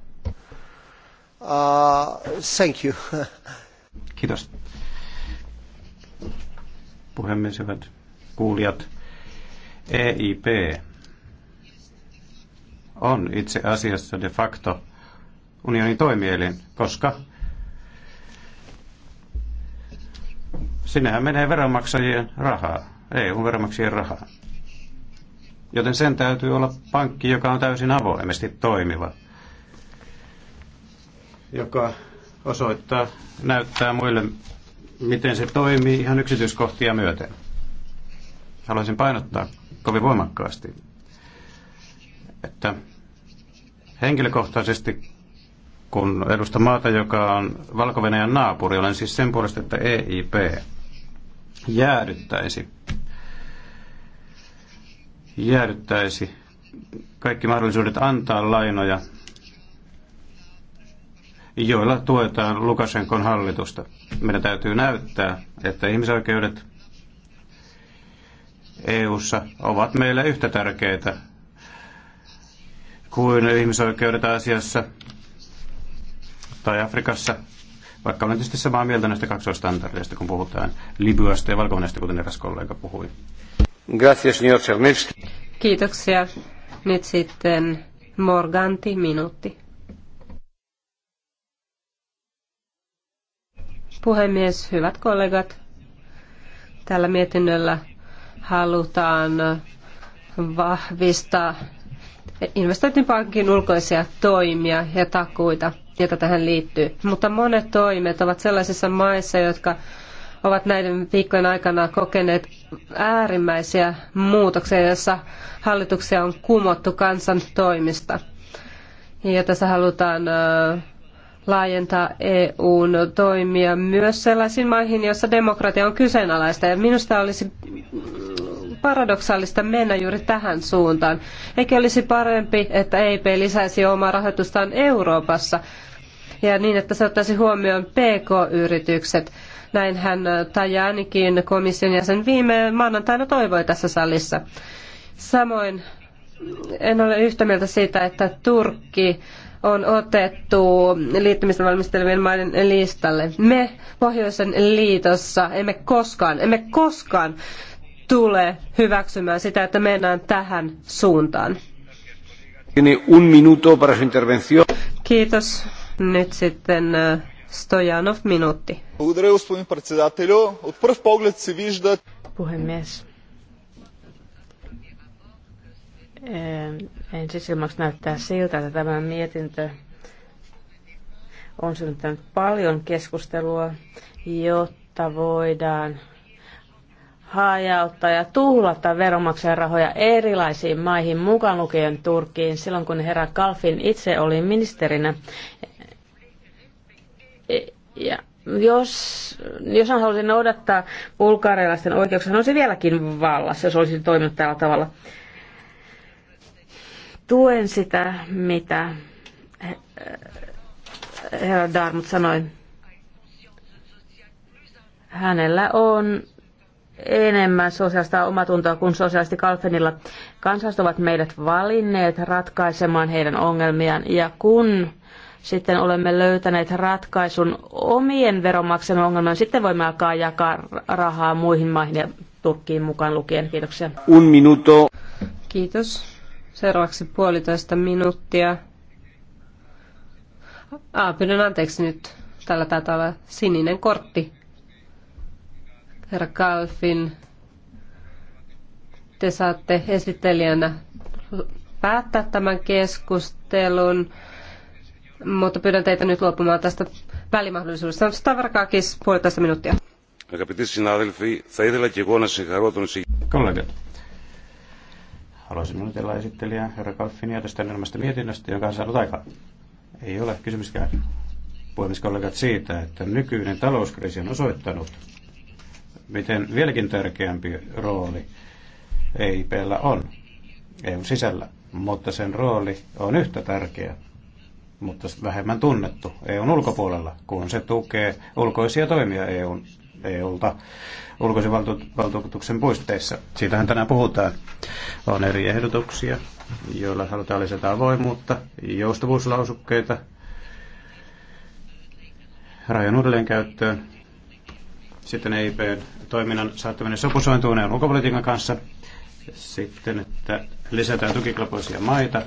Uh, thank you. Kiitos. Puhemies, hyvät kuulijat. EIP on itse asiassa de facto unionin toimielin, koska sinnehän menee veronmaksajien rahaa, EU-veronmaksajien rahaa. Joten sen täytyy olla pankki, joka on täysin avoimesti toimiva joka osoittaa, näyttää muille, miten se toimii ihan yksityiskohtia myöten. Haluaisin painottaa kovin voimakkaasti, että henkilökohtaisesti kun edustan maata, joka on valko naapuri, olen siis sen puolesta, että EIP jäädyttäisi, jäädyttäisi kaikki mahdollisuudet antaa lainoja joilla tuetaan Lukashenkon hallitusta. Meidän täytyy näyttää, että ihmisoikeudet EU:ssa ovat meille yhtä tärkeitä kuin ihmisoikeudet Aasiassa tai Afrikassa, vaikka olen tietysti samaa mieltä näistä kaksoistandardeista, kun puhutaan Libyasta ja valko kuten eräs kollega puhui. Gracias, Kiitoksia. Nyt sitten Morganti, minuutti. Puhemies, hyvät kollegat, tällä mietinnöllä halutaan vahvistaa investointipankin ulkoisia toimia ja takuita, joita tähän liittyy. Mutta monet toimet ovat sellaisissa maissa, jotka ovat näiden viikkojen aikana kokeneet äärimmäisiä muutoksia, joissa hallituksia on kumottu kansan toimista. Ja tässä halutaan laajentaa EUn toimia myös sellaisiin maihin, joissa demokratia on kyseenalaista. Ja minusta olisi paradoksaalista mennä juuri tähän suuntaan. Eikö olisi parempi, että EIP lisäisi omaa rahoitustaan Euroopassa ja niin, että se ottaisi huomioon PK-yritykset? Näinhän Tajanikin komission jäsen viime maanantaina toivoi tässä salissa. Samoin en ole yhtä mieltä siitä, että Turkki on otettu liittymistä valmistelevien maiden listalle. Me Pohjoisen liitossa emme koskaan, emme koskaan tule hyväksymään sitä, että mennään tähän suuntaan. Kiitos. Nyt sitten äh, Stojanov minuutti. Puhemies Ensisilmaksi näyttää siltä, että tämä mietintö on synnyttänyt paljon keskustelua, jotta voidaan hajauttaa ja tuhlata veronmaksajan rahoja erilaisiin maihin, mukaan lukien Turkkiin. Silloin kun herra Kalfin itse oli ministerinä, e, ja jos, jos hän halusi noudattaa bulgarialaisten oikeuksia, hän olisi vieläkin vallassa, jos olisi toiminut tällä tavalla. Tuen sitä, mitä herra Darmut sanoi. Hänellä on enemmän sosiaalista omatuntoa kuin sosiaalisti Kalfenilla. Kansalaiset ovat meidät valinneet ratkaisemaan heidän ongelmiaan ja kun sitten olemme löytäneet ratkaisun omien veronmaksajien ongelmaan, sitten voimme alkaa jakaa rahaa muihin maihin ja Turkkiin mukaan lukien. Kiitoksia. Un minuto. Kiitos. Seuraavaksi puolitoista minuuttia. Ah, pyydän anteeksi nyt. Tällä taitaa olla sininen kortti. Herra Kalfin, te saatte esittelijänä päättää tämän keskustelun, mutta pyydän teitä nyt luopumaan tästä välimahdollisuudesta. Stavrakakis, puolitoista minuuttia. Αγαπητοί συνάδελφοι, θα ήθελα και εγώ να συγχαρώ τον Kollegat, Haluaisin onnitella esittelijää herra Kalfinia tästä enemmästä mietinnöstä, joka on saanut aikaa. Ei ole kysymyskään puhemiskollegat siitä, että nykyinen talouskriisi on osoittanut, miten vieläkin tärkeämpi rooli EIPllä on EUn sisällä, mutta sen rooli on yhtä tärkeä, mutta vähemmän tunnettu EUn ulkopuolella, kun se tukee ulkoisia toimia EUn EUlta ulkoisen valtuutuksen puisteissa. Siitähän tänään puhutaan. On eri ehdotuksia, joilla halutaan lisätä avoimuutta, joustavuuslausukkeita, rajan uudelleenkäyttöön, sitten EIPn toiminnan saattaminen sopusointuun ja ulkopolitiikan kanssa, sitten, että lisätään tukikelpoisia maita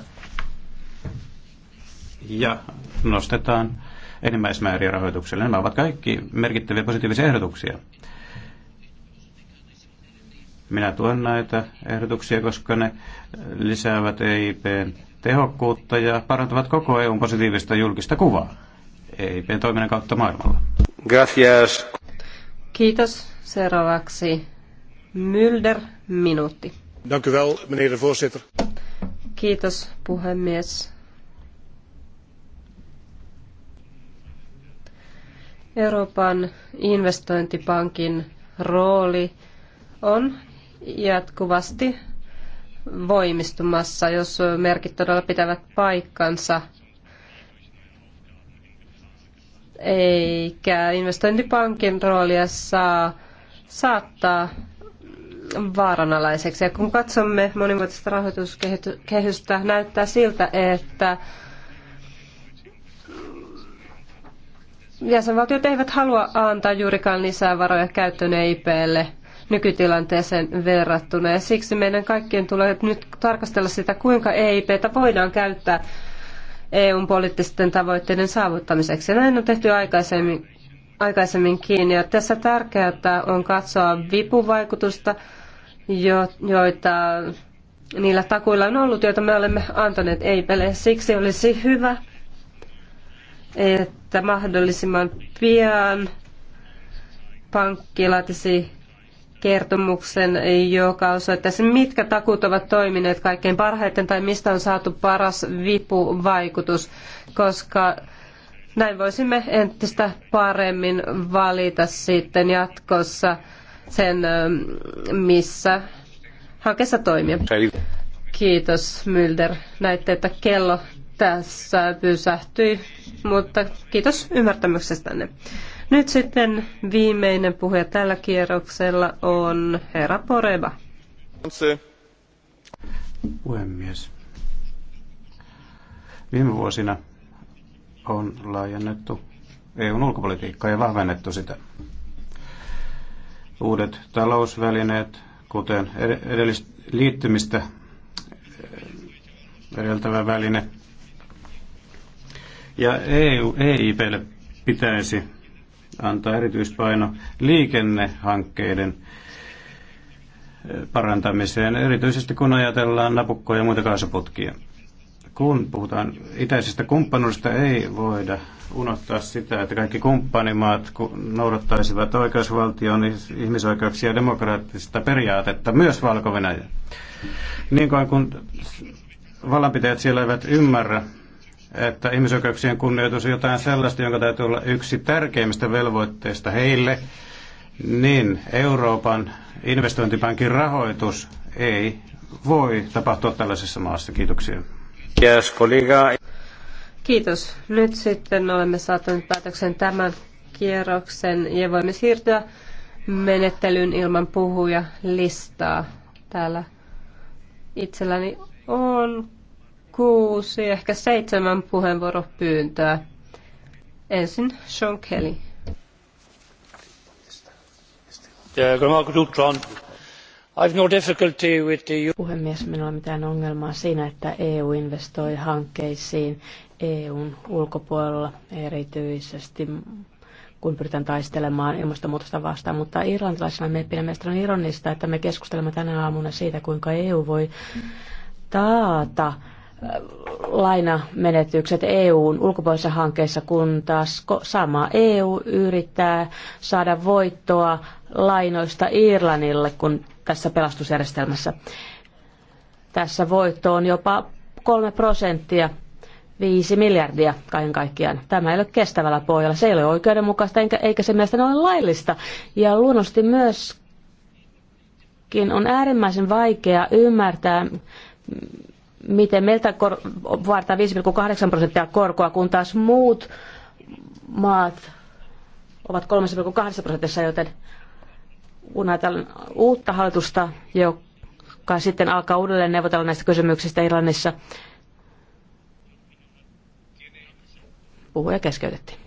ja nostetaan enimmäismääriä rahoitukselle. Nämä ovat kaikki merkittäviä positiivisia ehdotuksia. Minä tuen näitä ehdotuksia, koska ne lisäävät EIPn tehokkuutta ja parantavat koko EUn positiivista julkista kuvaa EIPn toiminnan kautta maailmalla. Gracias. Kiitos. Seuraavaksi Mylder, minuutti. Dank u wel, meneer de voorzitter. Kiitos, puhemies. Euroopan investointipankin rooli on jatkuvasti voimistumassa, jos merkit todella pitävät paikkansa. Eikä investointipankin roolia saa saattaa vaaranalaiseksi. Ja kun katsomme monimuotoista rahoituskehystä, näyttää siltä, että jäsenvaltiot eivät halua antaa juurikaan lisää varoja käyttöön EIPlle nykytilanteeseen verrattuna. Ja siksi meidän kaikkien tulee nyt tarkastella sitä, kuinka EIPtä voidaan käyttää EUn poliittisten tavoitteiden saavuttamiseksi. Ja näin on tehty aikaisemmin, aikaisemminkin. Ja tässä tärkeää on katsoa vipuvaikutusta, jo, joita niillä takuilla on ollut, joita me olemme antaneet EIPlle. Siksi olisi hyvä, että mahdollisimman pian pankki laatisi kertomuksen, joka osoittaisi, mitkä takuut ovat toimineet kaikkein parhaiten tai mistä on saatu paras vipuvaikutus, koska näin voisimme entistä paremmin valita sitten jatkossa sen, missä hankessa toimia. Kiitos Mylder. Näitte, että kello tässä pysähtyi, mutta kiitos ymmärtämyksestänne. Nyt sitten viimeinen puhuja tällä kierroksella on herra Poreba. Puhemies. Viime vuosina on laajennettu EUn ulkopolitiikkaa ja vahvennettu sitä. Uudet talousvälineet, kuten edellistä liittymistä eh, edeltävä väline, ja EU, EIPlle pitäisi antaa erityispaino liikennehankkeiden eh, parantamiseen, erityisesti kun ajatellaan napukkoja ja muita kaasuputkia. Kun puhutaan itäisestä kumppanuudesta, ei voida unohtaa sitä, että kaikki kumppanimaat noudattaisivat oikeusvaltion ihmisoikeuksia ja demokraattista periaatetta, myös valko -Venäjä. Niin kuin kun vallanpitäjät siellä eivät ymmärrä että ihmisoikeuksien kunnioitus on jotain sellaista, jonka täytyy olla yksi tärkeimmistä velvoitteista heille, niin Euroopan investointipankin rahoitus ei voi tapahtua tällaisessa maassa. Kiitoksia. Yes, kollega. Kiitos. Nyt sitten olemme saattaneet päätöksen tämän kierroksen ja voimme siirtyä menettelyyn ilman puhuja listaa. Täällä itselläni on kuusi, ehkä seitsemän puheenvuoropyyntöä. Ensin Sean Kelly. I've no difficulty with the... Puhemies, minulla ei mitään ongelmaa siinä, että EU investoi hankkeisiin EUn ulkopuolella erityisesti kun pyritään taistelemaan ilmastonmuutosta vastaan. Mutta irlantilaisena meppinä mielestäni on ironista, että me keskustelemme tänä aamuna siitä, kuinka EU voi taata lainamenetykset EUn ulkopuolisessa hankkeessa kun taas sama EU yrittää saada voittoa lainoista Irlannille, kun tässä pelastusjärjestelmässä. Tässä voitto on jopa kolme prosenttia, viisi miljardia kaiken kaikkiaan. Tämä ei ole kestävällä pohjalla, se ei ole oikeudenmukaista eikä se mielestäni ole laillista. Ja luonnollisesti myöskin on äärimmäisen vaikea ymmärtää, miten meiltä kor- vaaditaan 5,8 prosenttia korkoa, kun taas muut maat ovat 3,8 prosentissa, joten kun ajatellaan uutta hallitusta, joka sitten alkaa uudelleen neuvotella näistä kysymyksistä Irlannissa, puhuja keskeytettiin.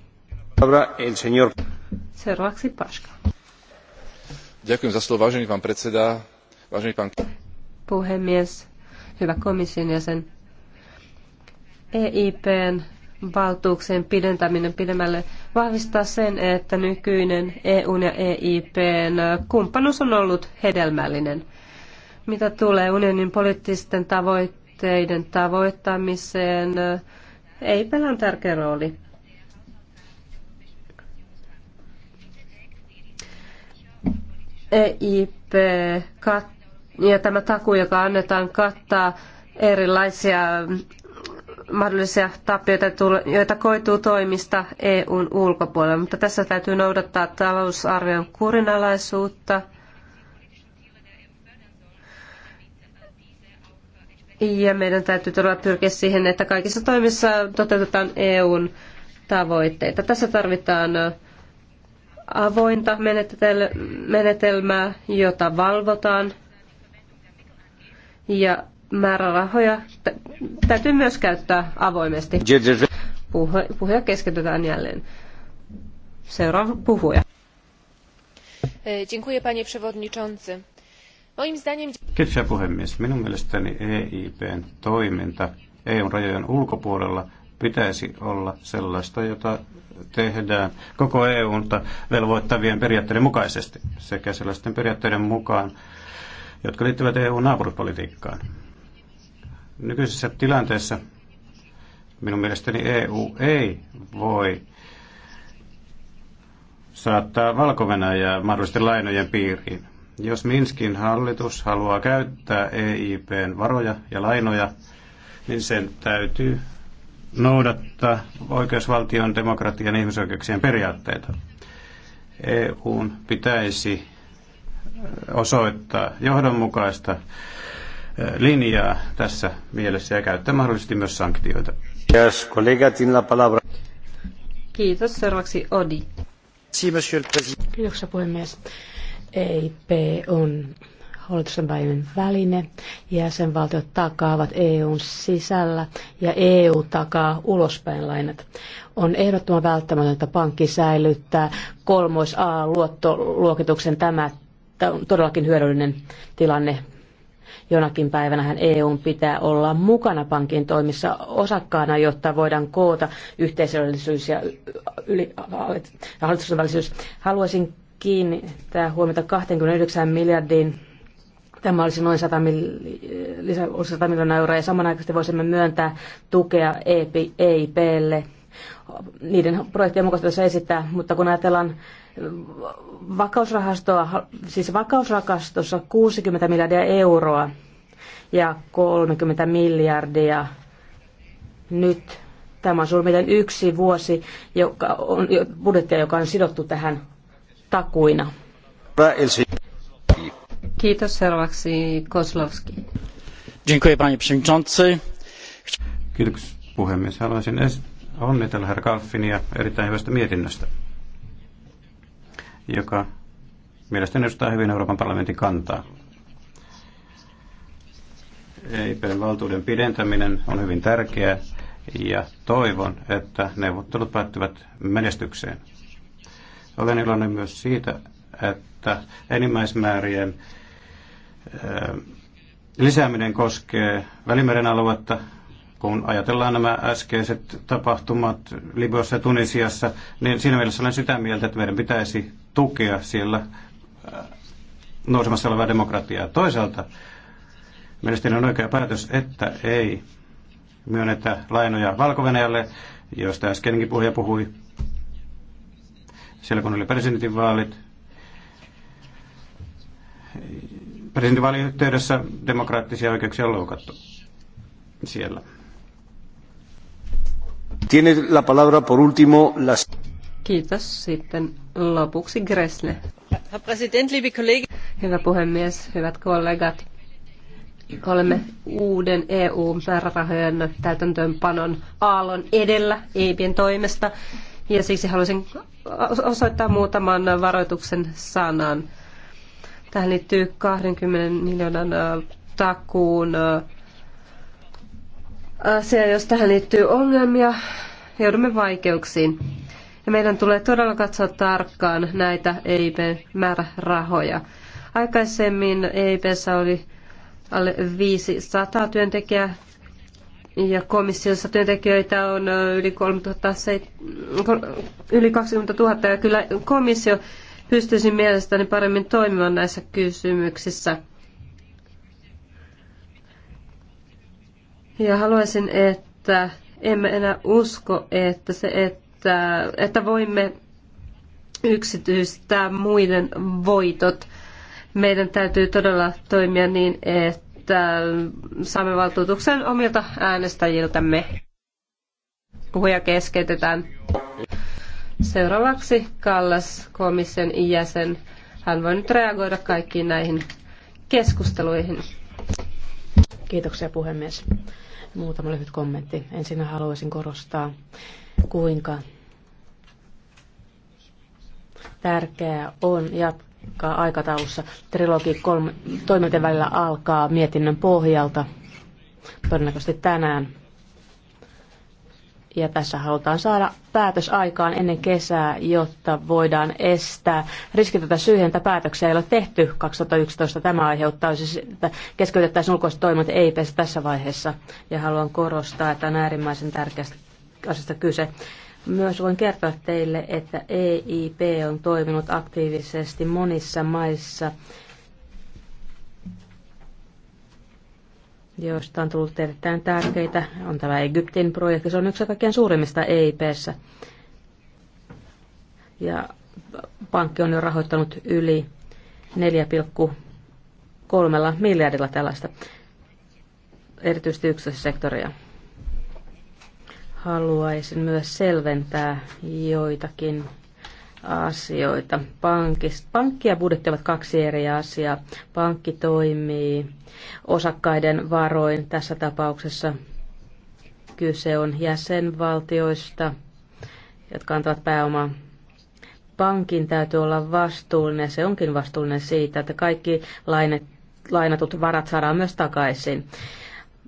Seuraavaksi Paska. Ďakujem za slovo, vážený pán predseda, vážený pán... Puhemies, hyvä komission jäsen. EIPn valtuuksien pidentäminen pidemmälle vahvistaa sen, että nykyinen EUn ja EIPn kumppanuus on ollut hedelmällinen. Mitä tulee unionin poliittisten tavoitteiden tavoittamiseen, ei on tärkeä rooli. EIP kat ja tämä takuu, joka annetaan, kattaa erilaisia mahdollisia tappioita, joita koituu toimista EUn ulkopuolella. Mutta tässä täytyy noudattaa talousarvion kurinalaisuutta. Ja meidän täytyy todella pyrkiä siihen, että kaikissa toimissa toteutetaan EUn tavoitteita. Tässä tarvitaan avointa menetelmää, jota valvotaan ja määrärahoja täytyy myös käyttää avoimesti. puhuja keskitytään jälleen. Seuraava puhuja. E, dziękuję panie przewodniczący. Moim zdaniem... Kiitos puhemies. Minun mielestäni EIPn toiminta EUn rajojen ulkopuolella pitäisi olla sellaista, jota tehdään koko EUnta velvoittavien periaatteiden mukaisesti sekä sellaisten periaatteiden mukaan, jotka liittyvät EU-naapuruspolitiikkaan. Nykyisessä tilanteessa minun mielestäni EU ei voi saattaa valko ja mahdollisesti lainojen piiriin. Jos Minskin hallitus haluaa käyttää EIPn varoja ja lainoja, niin sen täytyy noudattaa oikeusvaltion, demokratian ja ihmisoikeuksien periaatteita. EUn pitäisi osoittaa johdonmukaista eh, linjaa tässä mielessä ja käyttää mahdollisesti myös sanktioita. Yes, la palabra. Kiitos. Seuraavaksi Odi. Si, Kiitoksia puhemies. EIP on hallituksen välinen väline. Jäsenvaltiot takaavat EUn sisällä ja EU takaa ulospäin lainat. On ehdottoman välttämätöntä pankki säilyttää kolmois A-luottoluokituksen. Tämä Tämä on todellakin hyödyllinen tilanne. Jonakin päivänähän EUn pitää olla mukana pankin toimissa osakkaana, jotta voidaan koota yhteisöllisyys ja yli, hallitusten Haluaisin kiinnittää huomiota 29 miljardiin Tämä olisi noin 100, mil, 100 miljoonaa euroa ja samanaikaisesti voisimme myöntää tukea EIPlle e niiden projektien mukaista tässä esittää, mutta kun ajatellaan vakausrahastoa, siis vakausrahastossa 60 miljardia euroa ja 30 miljardia nyt tämä on suurin yksi vuosi joka on, budjettia, joka on sidottu tähän takuina. Kiitos seuraavaksi Koslovski. Dziękuję Kiitoksia puhemies. Haluaisin onnitella herra Kalfinia erittäin hyvästä mietinnöstä, joka mielestäni edustaa hyvin Euroopan parlamentin kantaa. EIPn valtuuden pidentäminen on hyvin tärkeää ja toivon, että neuvottelut päättyvät menestykseen. Olen iloinen myös siitä, että enimmäismäärien lisääminen koskee Välimeren aluetta kun ajatellaan nämä äskeiset tapahtumat Libyassa ja Tunisiassa, niin siinä mielessä olen sitä mieltä, että meidän pitäisi tukea siellä äh, nousemassa olevaa demokratiaa. Toisaalta mielestäni on oikea päätös, että ei myönnetä lainoja valko josta äskenkin puhuja puhui, siellä kun oli presidentinvaalit. Presidentinvaalien yhteydessä demokraattisia oikeuksia on loukattu siellä. Tiene la palabra por último las... Kiitos. Sitten lopuksi Gressle. Hyvä puhemies, hyvät kollegat. Olemme uuden EU-määrärahojen täytäntöönpanon aallon edellä EIPien toimesta. Ja siksi haluaisin osoittaa muutaman varoituksen sanan. Tähän liittyy 20 miljoonan takuun asia, jos tähän liittyy ongelmia, joudumme vaikeuksiin. Ja meidän tulee todella katsoa tarkkaan näitä EIP-määrärahoja. Aikaisemmin EIPssä oli alle 500 työntekijää ja komissiossa työntekijöitä on yli, 37, yli 20 000 ja kyllä komissio pystyisi mielestäni paremmin toimimaan näissä kysymyksissä. Ja haluaisin, että emme enää usko, että se, että, että voimme yksityistää muiden voitot. Meidän täytyy todella toimia niin, että saamme valtuutuksen omilta äänestäjiltämme. Puhuja keskeytetään. Seuraavaksi Kallas, komission jäsen. Hän voi nyt reagoida kaikkiin näihin keskusteluihin. Kiitoksia puhemies. Muutama lyhyt kommentti. Ensin haluaisin korostaa, kuinka tärkeää on jatkaa aikataulussa. Trilogi kolme, välillä alkaa mietinnön pohjalta, todennäköisesti tänään ja tässä halutaan saada päätös aikaan ennen kesää, jotta voidaan estää riskitöntä syyhentä päätöksiä, ei ole tehty 2011. Tämä aiheuttaa siis, että keskeytettäisiin ulkoiset toimet ei pesä tässä vaiheessa. Ja haluan korostaa, että on äärimmäisen tärkeästä asiasta kyse. Myös voin kertoa teille, että EIP on toiminut aktiivisesti monissa maissa joista on tullut erittäin tärkeitä. On tämä Egyptin projekti, se on yksi kaikkein suurimmista EIPssä. Ja pankki on jo rahoittanut yli 4,3 miljardilla tällaista, erityisesti yksityissektoria. Haluaisin myös selventää joitakin asioita. Pankista. Pankki ja budjetti ovat kaksi eri asiaa. Pankki toimii osakkaiden varoin. Tässä tapauksessa kyse on jäsenvaltioista, jotka antavat pääomaa. Pankin täytyy olla vastuullinen, se onkin vastuullinen siitä, että kaikki lainat, lainatut varat saadaan myös takaisin.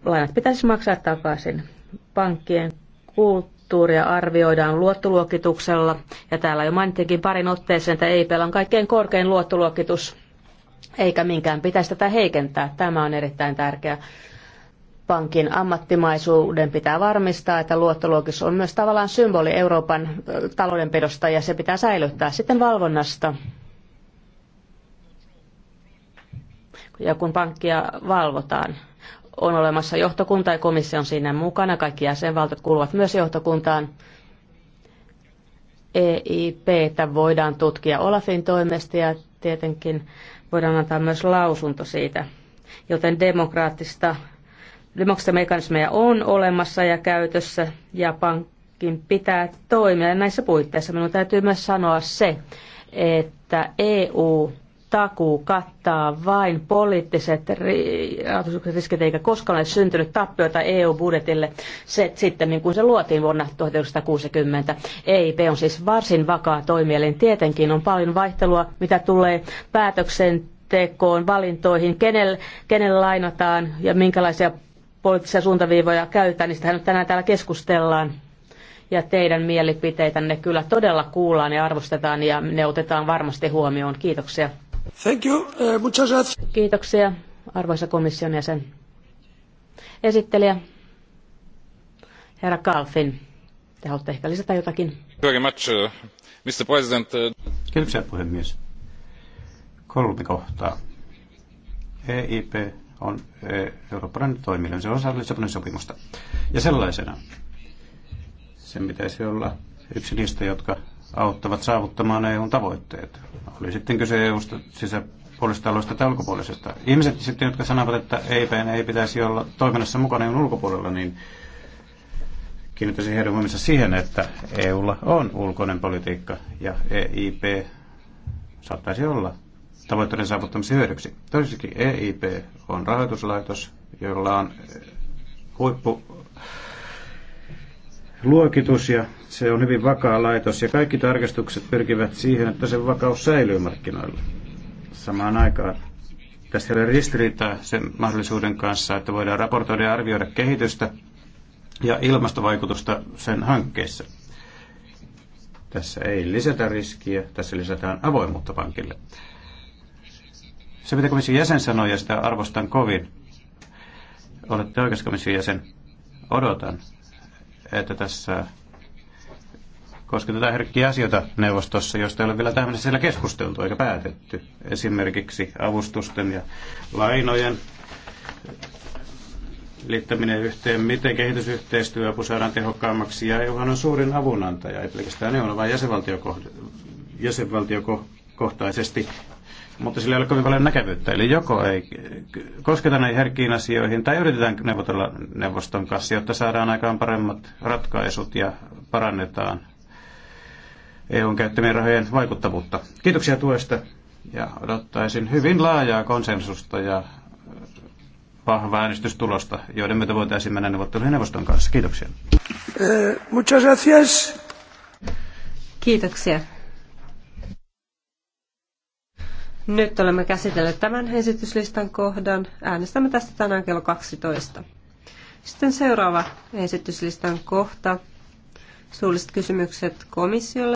Lainat pitäisi maksaa takaisin. Pankkien kulttuuri kulttuuria arvioidaan luottoluokituksella. Ja täällä jo mainittiinkin parin otteeseen, että ei on kaikkein korkein luottoluokitus, eikä minkään pitäisi tätä heikentää. Tämä on erittäin tärkeää. Pankin ammattimaisuuden pitää varmistaa, että luottoluokitus on myös tavallaan symboli Euroopan taloudenpidosta ja se pitää säilyttää sitten valvonnasta. Ja kun pankkia valvotaan, on olemassa johtokunta ja komissio on siinä mukana. Kaikki jäsenvaltiot kuuluvat myös johtokuntaan. EIPtä voidaan tutkia Olafin toimesta ja tietenkin voidaan antaa myös lausunto siitä. Joten demokraattista, demokraattista mekanismeja on olemassa ja käytössä ja pankin pitää toimia. Ja näissä puitteissa minun täytyy myös sanoa se, että EU takuu kattaa vain poliittiset riskit eikä koskaan ole syntynyt tappioita EU-budjetille se, sitten, niin kun se luotiin vuonna 1960. EIP on siis varsin vakaa toimielin. Tietenkin on paljon vaihtelua, mitä tulee päätöksentekoon, valintoihin, kenelle, kenelle lainataan ja minkälaisia poliittisia suuntaviivoja käytetään, niistähän nyt tänään täällä keskustellaan ja teidän mielipiteitänne kyllä todella kuullaan ja arvostetaan ja ne otetaan varmasti huomioon. Kiitoksia. Eh, Kiitoksia, arvoisa komission jäsen. Esittelijä, herra Kalfin. Te haluatte ehkä lisätä jotakin. Very much, eh, Mr. President. Kiitoksia, puhemies. Kolme kohtaa. EIP on eh, eurooppalainen toimielin. Se on osa Lissabonin sopimusta. Ja sellaisena sen pitäisi olla yksi niistä, jotka auttavat saavuttamaan EUn tavoitteet. Oli sitten kyse EUsta sisäpuolisesta alueesta tai ulkopuolisesta. Ihmiset sitten, jotka sanovat, että EIPn ei pitäisi olla toiminnassa mukana EUn ulkopuolella, niin kiinnittäisin heidän huomioonsa siihen, että EUlla on ulkoinen politiikka ja EIP saattaisi olla tavoitteiden saavuttamisen hyödyksi. Toisikin EIP on rahoituslaitos, jolla on huippu luokitus ja se on hyvin vakaa laitos ja kaikki tarkastukset pyrkivät siihen, että se vakaus säilyy markkinoilla samaan aikaan. Tässä ei ole ristiriitaa sen mahdollisuuden kanssa, että voidaan raportoida ja arvioida kehitystä ja ilmastovaikutusta sen hankkeessa. Tässä ei lisätä riskiä, tässä lisätään avoimuutta pankille. Se, mitä komission jäsen sanoi, ja sitä arvostan kovin, olette oikeuskomission jäsen, odotan että tässä kosketetaan herkkiä asioita neuvostossa, joista ei ole vielä tähän siellä keskusteltu eikä päätetty. Esimerkiksi avustusten ja lainojen liittäminen yhteen, miten kehitysyhteistyöapu saadaan tehokkaammaksi. Ja EU on suurin avunantaja, ei pelkästään EU, vaan jäsenvaltiokohtaisesti mutta sillä ei ole kovin paljon näkevyyttä. Eli joko ei kosketa näihin herkkiin asioihin tai yritetään neuvotella neuvoston kanssa, jotta saadaan aikaan paremmat ratkaisut ja parannetaan EUn käyttämien rahojen vaikuttavuutta. Kiitoksia tuesta ja odottaisin hyvin laajaa konsensusta ja äh, vahvaa äänestystulosta, joiden myötä voitaisiin mennä neuvotteluihin neuvoston kanssa. Kiitoksia. Eh, muchas gracias. Kiitoksia. Nyt olemme käsitelleet tämän esityslistan kohdan. Äänestämme tästä tänään kello 12. Sitten seuraava esityslistan kohta. Suulliset kysymykset komissiolle.